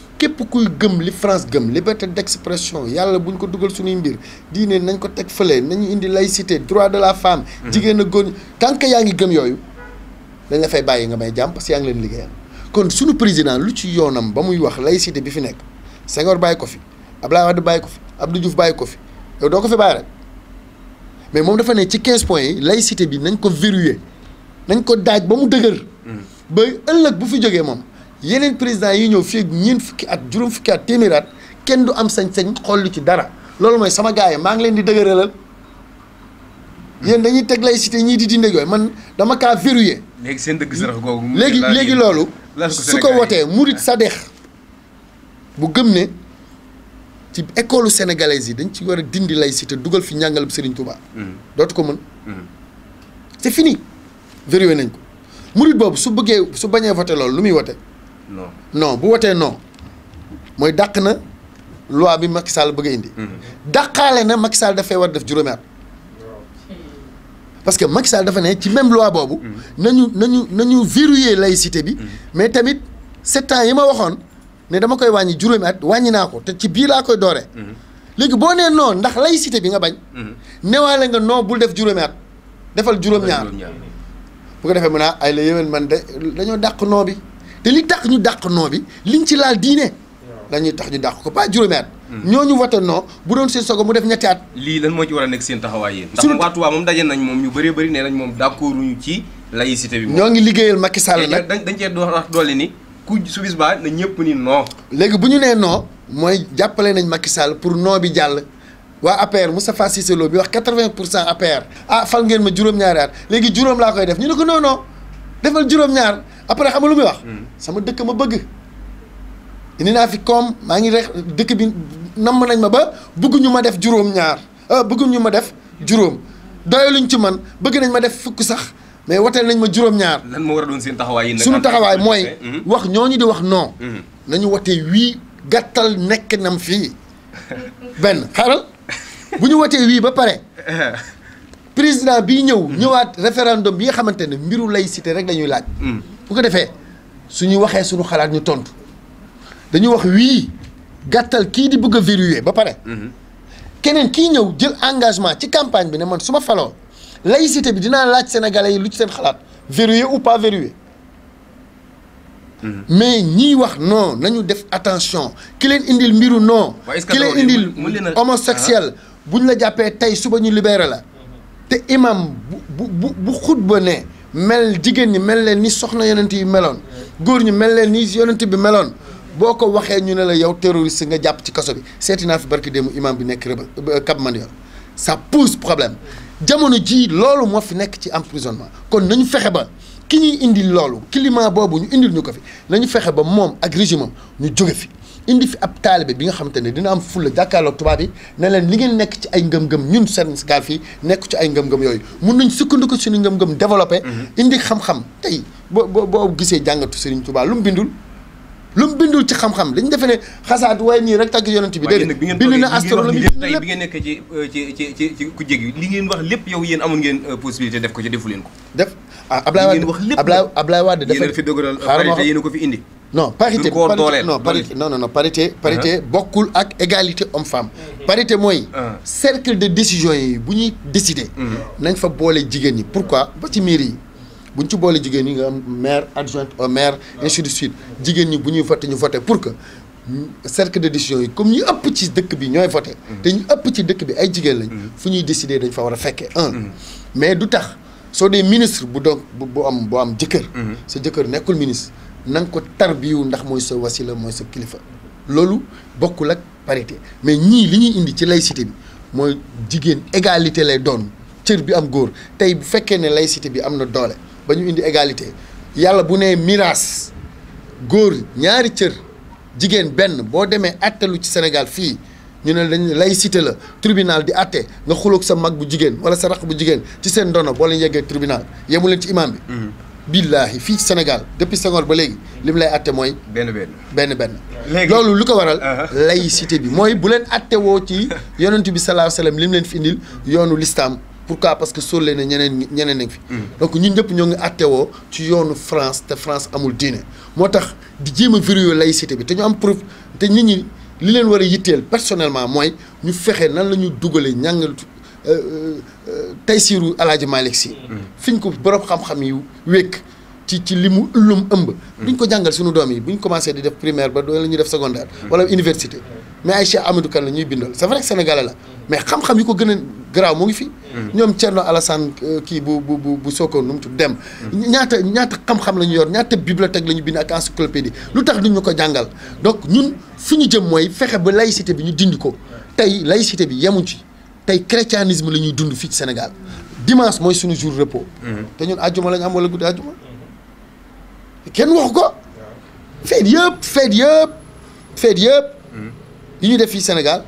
képp kuy gëm li France gëm liberté d'expression yàlla buñ ko dugal suñuy mbir diine nañ ko teg fële nañu indi laïcité droit de la femme. Mhm. jigéen a góor tant que yaa ngi gëm yooyu dañ la fay bàyyi nga may jàmm parce que yaa ngi leen liggéeyal kon suñu président lu ci yoonam ba muy wax laïcité bi fi nekk Senghor bàyyi ko fi Abdoulaye Wade bàyyi ko fi Abdou Diouf bàyyi ko fi yow doo ko fi bàyyi rek mais moom dafa ne ci 15 points yi laïcité bi nañ ko verrouiller nañ ko daaj ba mu dëgër. Mhm. ba ëllëg bu fi jógee moom. yeneen président yi ñëw fii ñeent fukki at juróom fukki at téeméeri kenn du am sañ-sañ xool ci dara loolu mooy sama gars yi maa ngi leen di dëgëralal yéen dañuy teg laïcité ñii di dindi yooyu man dama kaa verrouillé. léegi seen dëgg sarax googu. léegi léegi loolu. su ko wotee murit sadex bu gëm ne ci école sénégalaise yi dañ ci war a dindi laïcité dugal fi njàngalab Serigne Touba. Hmm. dootu ko mën. Hmm. c'est fini verrouillé nañ ko murit boobu su bëggee su bañee voté loolu lu muy wote non non bu wotee non mooy dàq na loi bi Macky Sall bëgg a indi. Mhm. dàqaale na Macky dafay war def juróomi at. parce que Macky dafa ne ci même loi boobu. na mhm. ñu nañu nañu nañu lay laïcité bi. Mhm. mais tamit settant yi ma waxoon ne dama koy wàññi juróomi at wàññi naa ko te ci biir laa koy doore léegi boo nee non ndax laïcité bi nga bañ. newaale nga non bul def juróomi at. defal juróom-ñaar bu defee mu ne ah, ay la yéwén man de dañoo dàq noo bi. te li tax ñu dàq noo bi li ñu ci laal diine. dañuy tax ñu dàq ko pas juróomi mm. ñoo ñu wote noo bu doon seen sogo mu def ñetti at. lii lan moo ci war a nekk seen taxawaay yéen. ndax waa Touba moom daje nañ moom ñu bëree bëri nee nañ moom d'accord ñu ci laïcité bi. ñoo ngi liggéeyal Macky Sall nag dañ dañ cee wax doole ni ku su bis ba na ñëpp ni non. léegi bu ñu nee non mooy jàppale nañ Macky Sall pour non bi jàll. waa APR Moustapha Cissé Lo bi wax 80 pour cent APR ah fal ngeen ma juróom-ñaari léegi juróom laa koy def ñu ne ko non non defal juróom-ñaar après xam nga lu muy wax. Hmm. sama dëkk ma bëgg. indi naa fi koom maa ngi rek dëkk bi namm nañ ma ba bëgguñu ma def juróom-ñaar ah bëgguñu ma def juróom doyaluñ ci man bëgg nañ ma def fukk sax mais wateel nañ ma juróom-ñaar. lan moo war a doon seen taxawaay yi nag suñu taxawaay mooy. wax ñoo ñu di wax non. Hmm. nañu watee wii gàttal nekk nam fii benn xaaral bu ñu watee wii ba pare. président bi ñëw ñëwaat référendum bi nga xamante ne mbiru lay laïcité rek la laaj hmm. suñu suñu nous ñu nous wax oui, qui di bëgg verrouiller qui mhm. est jël engagement ci campagne bi man laïcité bi sénégalais yi lu ou pas verrouiller. Mhm. mais nous wax non nañu def attention ki leen indil mbiru non. ki leen indil homosexuel ah. buñ la ñu libéré la. imam bu bu beaucoup mel jigéen ñi mel leen ni soxna yonent yi meloon góor ñi mel leen ni yonent bi meloon boo ko waxee ñu ne la yow terroriste nga jàpp ci kaso bi seeti naa fi barki démb imam bi nekk rëbë Cap Manuel ça pose problème jamono jii loolu moo fi nekk ci emprisonnement kon nañu fexe ba ki ñuy indi loolu climat boobu ñu indil ñu ko fi na ñu fexe ba moom ak régime am ñu jóge fi indi fi ab taalibe bi nga xamante ne dina am fulla jàkkaarloog tubaab yi ne leen li ngeen nekk ci ay ngëm-ngëm ñun Sénégal fii nekk ci ay ngëm-ngëm yooyu mun nañ sukkandiku suñu ngëm-ngëm développé. Mhm. indi xam-xam tey boo boo boo gisee jàngatu Serigne Touba lu mu bindul. lu mu bindul ci xam-xam dañu defe ne xasaat waaye nii rek tàgg yonent bi dégg bind na astronomie tey bi ngeen nekk euh, ci ci ci ci ku jég yi li ngeen wax lépp yow yéen amoon ngeen euh, possibilité def ko ci defu leen ko def ah Ablaye Wade Ablaye Ablaye Wade dafa fi ko fi indi non parité non parité non non non parité parité uh-huh. beaucoup ak égalité homme femme uh-huh. parité mooy uh-huh. cercle de décision yi bu ñuy décider nañ fa bolé jigen ñi pourquoi ba ci mairie buñ ci bolé jigen ñi nga am maire adjointe au maire ainsi de suite jigéen ñi bu ñuy voté ñu voté pour que cercle de décision yi comme ñu ëpp ci dëkk bi ñoy voté té ñu ëpp ci dëkk bi ay jigen lañ fuñuy décider dañ fa wara féké un mais du tax so des ministres bu do bu am bu am jëkkër sa jëkkër nekul ministre na nga ko tarbiyu ndax mooy sa wasila mooy sa kilifa loolu bokkul ak parité mais ñii li ñuy indi ci laïcité bi mooy jigéen égalité lay doon cër bi am góor tey bu fekkee ne laïcité bi am na doole ba ñu indi égalité yàlla bu nee miraas góor ñaari cër jigéen benn boo demee attalu ci senegal fii ñu ne dañ laïcité la tribunal di atte nga xuloog sa mag bu jigéen wala sa raq bu jigéen ci seen ndono boo leen yeggee tribunal yemu leen ci imam bi mm-hmm. billahi fi Sénégal depuis Senghor ba légui lim lay atté moy ben ben ben ben lolu luko waral. Uh-huh. laïcité bi moy bu len atté wo ci yonent bi salaahu salaam lim len fi indil yoonu l'islam pourquoi parce que sóor leen ne ñeneen ñeneen nañ fi. Mm. donc ñun ñep ñogi atté wo ci yoonu France te France amul diiné motax di jima virio laïcité bi te ñu am preuve te nit ñi li len wara a personnellement moy ñu fexé nan lañu dougalé ñangal Euh, euh, euh, taysiiru alaaji Malick si mm. fiñ ko borom xam-xam yi wékk ci ci li mu ëllum ëmb duñ mm. ko jàngal suñu doom yi buñ commencé di def primaire ba doon la ñuy def secondaire mm. wala université mais ay Cheikh Amadou la ñuy bindal c'est vrai mais xam yi ko gën a garaaw mu ngi fi ñoom Thierno Alassane kii bu bu bu bu Sokone nu mu tudd dem ñaata ñaata xam-xam la ñu yor ñaata bibliothèque la ñu bind ak encyclopédie lu tax duñ ñu ko jàngal donc ñun fi ñu jëm mooy fexe ba laïcité bi ñu dindi ko tey laïcité bi yemuñ ci tey chrétianisme la ñuy dund fii ci Sénégal dimanche mooy suñu jour repos. Mhm. te ñun àjjuma la am wala guddi àjjuma. kenn waxu ko. feet yëpp feet yëpp feet yëpp. yi mhm. ñuy def fii Sénégal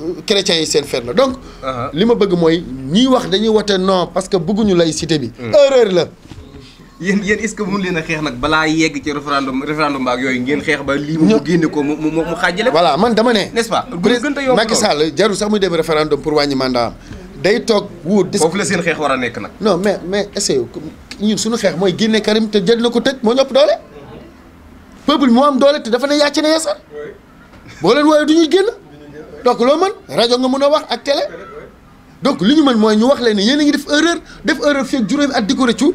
euh, chrétiens yi seen feet la donc. Uh-huh. li ma bëgg mooy ñuy wax dañuy wote non parce que bëgguñu laïcité bi. Mm. erreur la. yéen yéen est-ce que mun leen xeex nag ba lii mu génne ko mu mu mu ne n'est-ce pas Macky Sall jarul sax muy dem référendum pour wàññi mandat am day toog wut seen xeex war a nekk nag non mais mais essayé ñun suñu xeex mooy génne Karim te jël na ko tëj moo ñëpp doole peuple moo am doole te dafa ne yàcc na yeesal boo leen woowee du ñuy génn donc loo mën rajo nga mën a wax ak télé donc li ñu mën mooy ñu wax leen ne yéen a ngi def erreur def erreur fii juróomi at di ko rëccu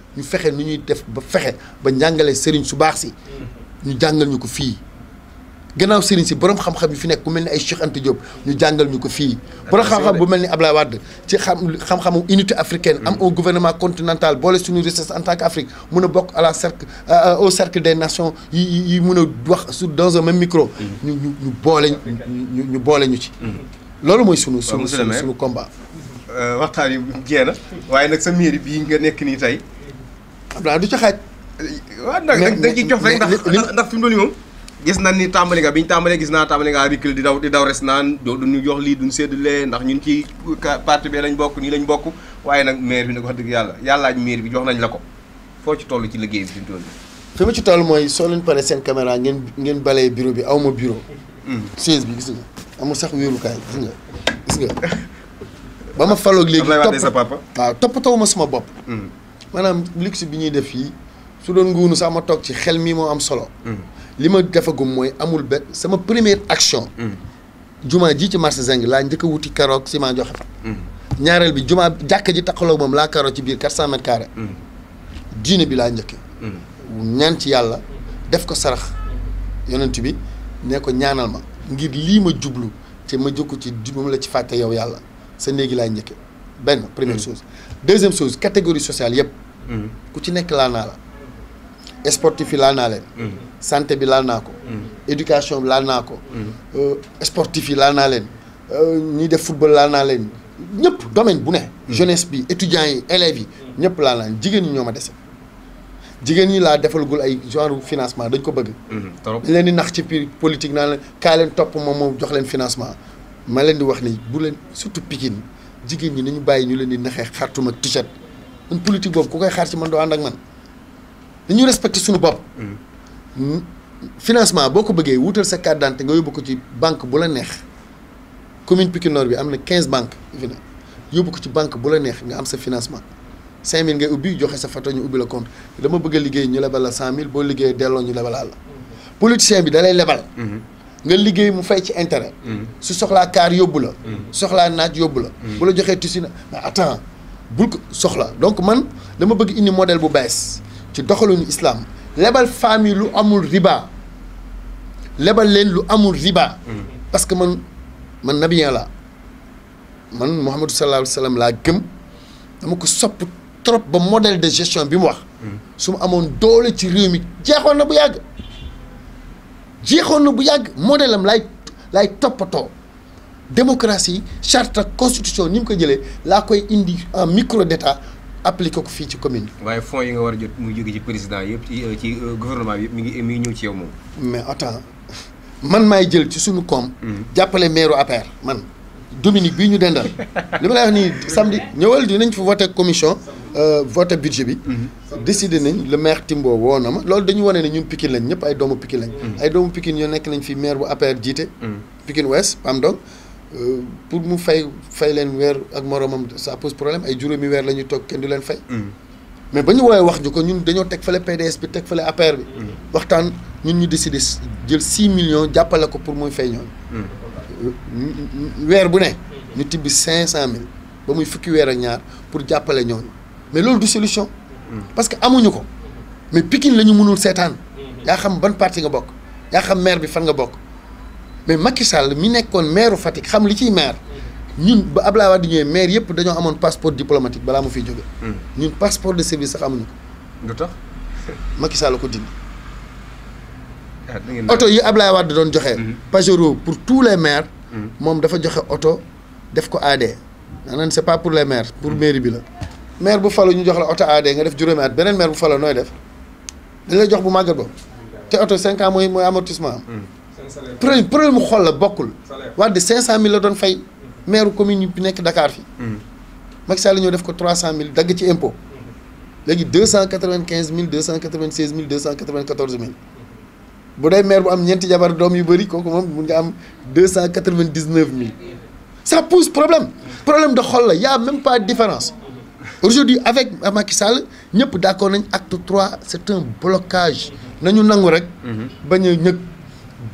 Nous faisons nu ñuy def ba fexe ba njàngale Sérigne su Nous si ñu jàngal si borom xam-xam fi nekk ku ni ay Cheikh ñu unité africaine am hmm. un gouvernement continental suñu richesse en tant qu'Afrique qui à la cercle euh, au cercle des nations dans un même micro nous hmm. ñu ñu ñu ñu Abdoulaye du ci xaaj. waaw ndax dañ ciy jox rek ndax ndax fi mu moom. gis nañ ni tàmbali nga bi ñu tàmbalee gis naa tàmbali ngaa recul di daw di daw res naan doo duñu jox lii duñ séddalee ndax ñun ci parti bi lañ bokk nii lañ bokk waaye nag maire bi nag wax dëgg yàlla yàllaaj maire bi jox nañ la ko foo ci toll ci liggéey bi fi mu toll fi ma ci toll mooy soo leen paree seen caméra ngeen ngeen balee bureau bi aw ma bureau hmm. chaise bi gis nga amul sax wéerukaay gis nga gis nga ba ma faloog léegi topp waaw ma sama bopp hmm. Mme luxe bi ñuy def fii su doon ngunu sama ma ci xel mi am solo. Mm. première action. Mm. juma ji ci marché je wuti ciment joxe fa. Mm. bi juma ji que la ci biir 400 mètres carrés. diine bi ñaan ci yalla def ko sarax yonent bi ne ko ñaanal ma ngir jublu ma ci la ci yow sa la première chose deuxième chose catégorie sociale yëpp. Mm-hmm. ku ci nekk laal naa la. sportif yi laal naa mm-hmm. santé bi laal naa ko. Mm-hmm. éducation bi laal naa ko. Euh, sportif yi laal naa leen. Euh, ñiy def football laal naa leen ñëpp domaine bu ne. jeunesse bi étudiants yi élèves yi. ñëpp laal naa jigéen ñi ñoo ma dese. jigéen ñi laa defalagul ay genre financement dañ ko bëgg. trop leen di nax ci politique naan leen kaa top topp moom moom jox leen financement. ma leen di wax ni bu leen surtout Pikine. jigéen ñi ñu bàyyi ñu leen di naxee xartum ak t-shirt man politique boobu ku koy xaar ci man doo ànd ak man dañuy respecté suñu bopp. Mm-hmm. financement boo ko bëggee wutal sa carte d'identité nga yóbbu ko ci banque bu la neex commune Pikine Nord bi am na 15 banques fi yóbbu ko ci banque bu la neex nga am sa financement 5000 ngay ubbi joxe sa photo ñu ubbi la compte dama bëgg a liggéey ñu lebal la 100000 boo liggéeyee delloo ñu lebalaal la mm-hmm. politicien bi da nga liggéey mu fay ci intérêt. Mm. su soxlaa kaar yóbbu la. Mm. soxlaa naaj yóbbu la. Mm. bu la joxee tuuti na mais attends bul ko soxla donc man dama bëgg indi modèle bu bees ci doxaluñu islaam lebal femmes lu amul riba lebal leen lu amul riba. parce que man man nabiyen la man Muhammadu sallallahu alayhi laa gëm dama ko sopp trop ba modèle de gestion bi mu wax. su ma amoon doole ci réew mi jeexoon na bu yàgg. jeexoon na bu yàgg modèle am laay laay toppatoo démocratie charte ak constitution ni mu ko jëlee laa koy indi en micro d'état applique ko fii ci commune bi. waaye fonds yi nga war a jot muy jóge ci président yëpp ci ci euh, gouvernement bi yëpp mi ngi mi ngi ñëw ci yow moom. mais attends man maay jël ci suñu koom. Mm-hmm. jàppale maire APR man. Dominique bii ñu wax ni samedi ñëwal dinañ voté commission euh, voter budget bi. Mhm. décidé le maire Timbo woo ma loolu dañu wone ne ñun Pikine lañ ñëpp ay doomu Pikine lañ. Mhm. ay doomu maire bu mhm. euh, pour mu fay fay leen wër ça pose problème ay juroomi wër lañu tok kenn du leen fay. mais bañu woy wax ju ko ñun dañoo faire fale PDS bi décidé jël 6 millions jàppale pour fay nous bu Nous pour mais solution. parce que amuñu ko. mais Pikine la mënul seetaan. yaa xam ban parti nga bok. Y'a xam maire bi fan de faire mais Macky Sall mi maire xam li maire. maire passeport diplomatique Nous mu hmm. un passeport de service D'accord? Macky Autos, yi Ablaye wad doon joxe. Mhm. Pajero pour tous les maires. mom mhm. dafa joxe auto def ko AD. pas pour les maires pour mhm. mairie bi la. maire bu falo ñu jox la auto AD nga def juroomi maire bu falo noy def dañ lay jox bu 5 ans moy amortissement problème mu la 500000 la doon fay. maire commune bi Dakar fi de Sall ñëw def ko 300000 dag ci impôt. 295 000 296 si dee maire bu am ñeenti jabar doom yu moom nga ça pose problème problème de xol la y' a même pas de différence aujourd'hui avec Macky Sall ñëpp d' nañ acte 3, c'est un blocage nañu nangu rek. bañ a ñëg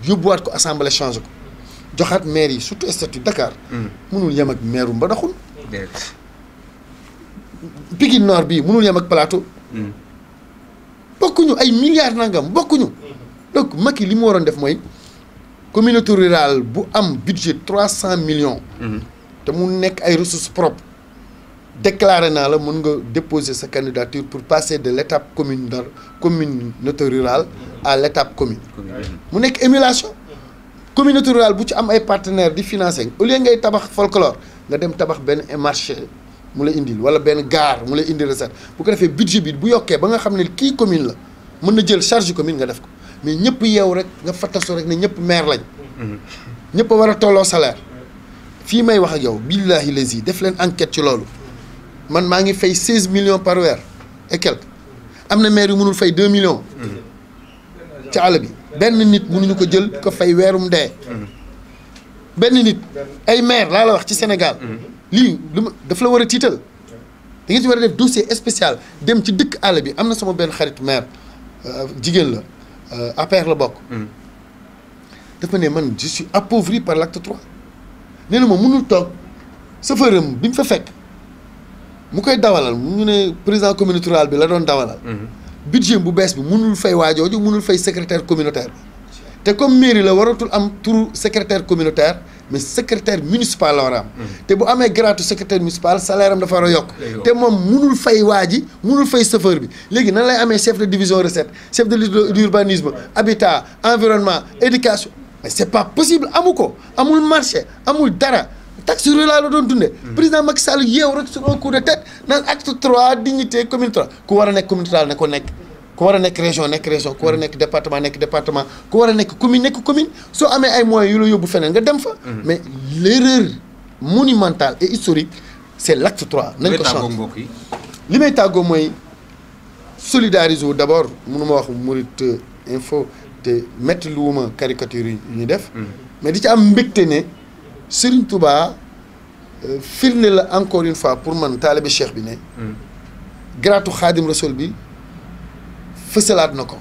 yóbbuwaat ko assemblée ko joxaat maire yi surtout Dakar. mënul yem ak maire mba doxul. Pikine Nord bii mënul yem ak plateau. Hmm. bokkuñu ay milliards nangam bokkuñu donc ce li je veux def communauté rurale a un budget de 300 millions. Mhm. te mu nek des ressources propres. déclaré la mën déposer sa candidature pour passer de l'étape commune, commune rurale à l'étape commune. Mhm. mu une émulation. communauté rurale bu ci am ay partenaires de financement, au lieu folklore la dem tabax un marché mu indil wala ben gare bu ko un budget si bu yokkee ba nga xam qui commune la charge commune mais ñëpp yew rek nga fattasu rek ne ñëpp maire lañ ñëpp wara tolo salaire fi may wax ak yow billahi lazi def leen enquête ci loolu man maa ngi fay 16 millions par weer et quelque am na maire yu mënul fay 2 millions ci àll bi benn nit mënuñu ko jël ko fay weerum dee benn nit ay maire laa la wax ci Sénégal lii lu ma daf la war a tiital da ngeen ci war a def dossier spécial dem ci dëkk àll bi am na sama benn xarit maire euh, jigéen la euh, APR le bok hmm. dafa ne man je suis appauvri par l'acte 3 né nee na ma mënul tok safaaram feureum mu fa fek mu koy dawalal ñu né président communautaire bi la doon dawalal. Hmm. budget bu bess bi mënul fay waajooju mënul fay secrétaire communautaire et comme mairie la waratul am un secrétaire communautaire mais secrétaire municipal la war a un mm-hmm. te bu amee secrétaire municipal salaire am dafa war a yokk. te moom munul fay waa ji munul fay chauffeur bi léegi nan lay chef de division recette chef de l'urbanisme habitat environnement éducation mais c'est pas possible a pas amul marché amul dara. taxe rurale la doon Le mm-hmm. président Macky Sall yeew rek sur un coup de tête dans acte 3, dignité communautaire. 3 ku a ne ko il y a région nek région département département commune commune ay moyens yu mhm. mais l'erreur monumentale et historique c'est l'acte 3. nañ ko que solidariser d'abord mënuma wax info de mettre caricature yi mhm. mais di ci am né Serigne Touba euh, encore une fois pour man talibé Cheikh bi que mhm. gratu khadim rasoul bi. fësalaat na ko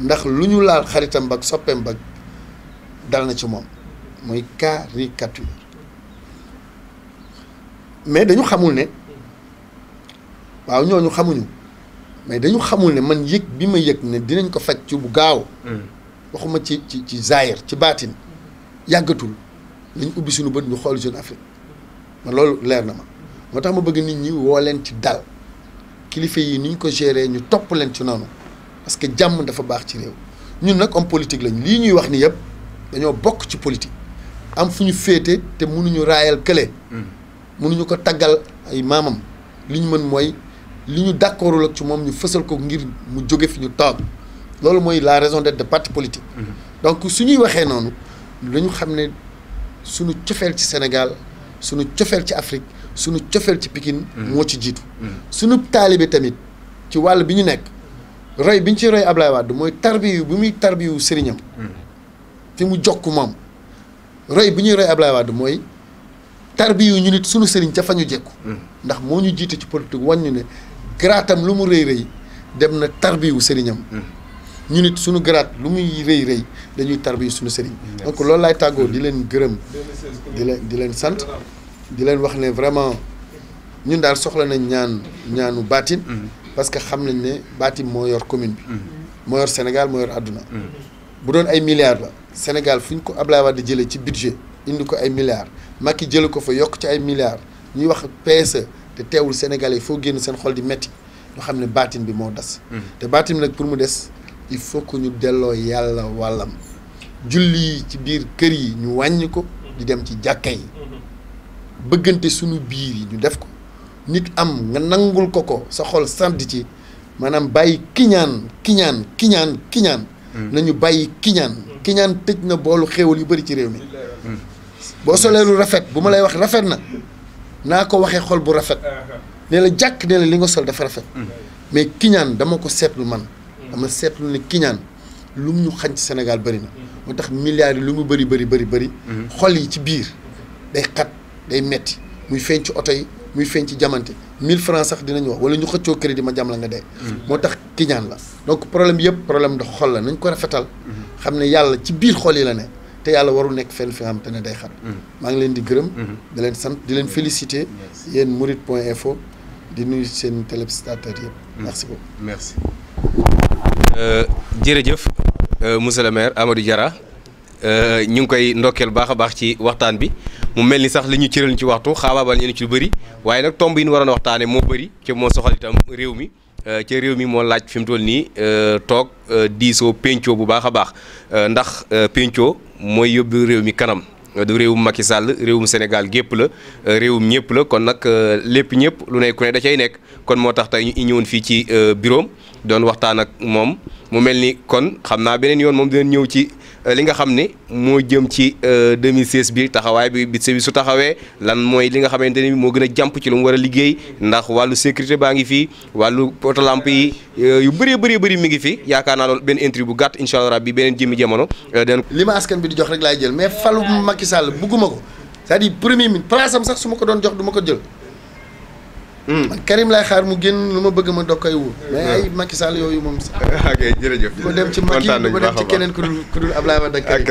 ndax lu ñu laal xaritam bag soppeem bag dal na ci moom mooy caricature mais dañu xamul ne waaw ñooñu xamuñu mais dañu xamul ne man yëg bi ma yëg ne dinañ ko faj ci bu gaaw hmm. waxuma ci ci ci zaahir ci baatin yàggatul nañ ubbi suñu bët ñu xool Jeune Afrique man loolu leer na ma moo tax ma bëgg nit ñi woo leen ci dal kilifa yi ko géré ñu top leen ci nonu parce que jamm dafa sommes ci rew ñun sommes fait, politique lañ li ñuy wax ni yeb dañoo bokk politique am sommes ñu et te mënuñu raayal kële. Hmm. ko taggal ay nous liñ mën Nous liñu d'accordul ci ñu ko ngir mu fi lool moy la raison d'être de parti politique. Hmm. donc suñuy waxé nous xamné ci Sénégal sunu ci Afrique. suñu cofeel ci pikin mm-hmm. moo ci jiitu mm-hmm. suñu taalibe tamit ci wàll bi ñu nekk roy bi ñu ci roy Ablaye Wade mooy tarbiyu bi muy tarbiyu sëriñam fi mm-hmm. mu jokk moom roy bi ñuy roy Ablaye mooy tarbiyu ñu nit suñu sëriñ ca fa ñu jekku ndax moo ñu jiite ci politique wàññi ne garaatam lu mu rëy rëy dem na tarbiyu sëriñam ñu nit suñu garaat lu muy rëy rëy dañuy tarbiyu suñu sëriñ donc loolu laay tàggoo di leen gërëm di di leen sant di leen wax ne vraiment ñun daal soxla nañ ñaan ñaanu baatin. Mhm. parce que xam nañ ne baatin moo yor commune bi. Mhm. moo yor Sénégal moo yor àdduna. Mhm. bu doon ay milliards la Sénégal fu ñu ko Ablaye Wade jëlee ci budget indi ko ay milliards Macky jële ko fa yokk ci ay milliards ñuy wax PSE te teewul Sénégalais foo génn seen xol di metti ñu xam ne baatin bi moo des. te baatin nag pour mu des il faut que ñu delloo yàlla wàllam julli yi ci biir kër yi ñu wàññi ko di dem ci jàkka yi. bëggante suñu biir yi ñu def ko nit am nga nangul ko ko sa xol sant ci maanaam bàyyi kiñaan kiñaan kiñaan kiñaan hmm. nañu bàyyi kiñaan hmm. kiñaan tëj na boolu xéewal yu bëri ci réew mi hmm. boo solee lu rafet bu ma lay wax rafet na naa ko waxee xol bu rafet uh-huh. ne la jàkk ne la li nga sol dafa rafet mais kiñaan dama ko seetlu man dama seetlu ne kiñaan lu mu ñu xañ ci Sénégal bëri na moo tax milliards yi lu mu bëri bari bëri bëri xol yi ci biir day xat day metti muy fenc ci yi muy fenc ci jamante 1000 francs sax dinañ wax wala ñu xëccoo crédit ma jam la nga dé mm-hmm. moo tax kiñaan la donc problème yépp problème de xol la nañ ko rafetal. Mm-hmm. xamné ne ci biir xol yi la ne. té yalla waru nek fenn fi xamanté xam day xat mm-hmm. ma ngi leen di gërëm. di leen sant di leen féliciter. yeen murit point info di nuyu seen téléspectateur yépp merci beaucoup merci. Euh, jërëjëf euh, monsieur le maire Amadou Diarra. Euh, ñu ngi koy ndokkeel baax a baax ci waxtaan bi mu mel ni sax li ñu cëral ci waxtu xaabaabal ñu ci lu bëri waaye nag tomb yi nu waroon waxtaanee moo bëri ci moo soxal itam réew mi. Euh, ci réew mi moo laaj fi mu toll nii euh, toog diisoo pencoo bu baax a baax ndax pencoo mooy yóbbu réew mi kanam. du réewum Macky Sall réewum Sénégal gépp la réewum ñëpp la kon nag lépp ñëpp lu ne ku da cay nekk kon moo tax tey ñu ñëwoon fii ci bureau doon waxtaan ak moom mu mel ni kon xam naa beneen yoon moom dinañ ñëw ci euh, li nga xam ni moo jëm ci 2016 euh, bi taxawaay bi bi su taxawee lan mooy li nga xamante ni moo gën a jàmp ci lu mu war a liggéey ndax wàllu sécurité baa ngi fii wàllu potolamp yi euh, yu bëree bëri bëri mi ngi fi yaakaar naa loolu benn interview bu gàtt incha allah rabbi beneen jëmmi jamono. li ma askan bi di jox rek laay jël mais falu Macky Sall bugguma ko c'est-à-dire premier ministre place am ko doon jox du ko jël. Hmm. man Karim laay xaar mu génn lu ma bëgg ma dog koy wóor. mais hmm. ay yooyu moom sax. ok jërëjëf bu dem ci Macky bu dem ci keneen ku dul ku dul Ablaye Wade ak Karim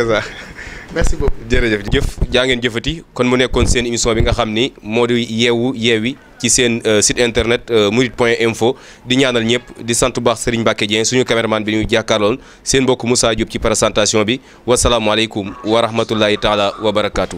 merci beaucoup jërëjëf jëf jaa ngeen jëfati kon mu nekkoon seen émission bi nga xam ni moo di yeewu yeewi ci seen euh, site internet euh, murit point info di ñaanal ñëpp di sant bu baax Serigne Mbacke Dieng suñu caméraman bi ñuy jàkkaarlool seen mbokk Moussa Diop ci présentation bi wasalaamualeykum wa rahmatullahi taala wa barakaatu.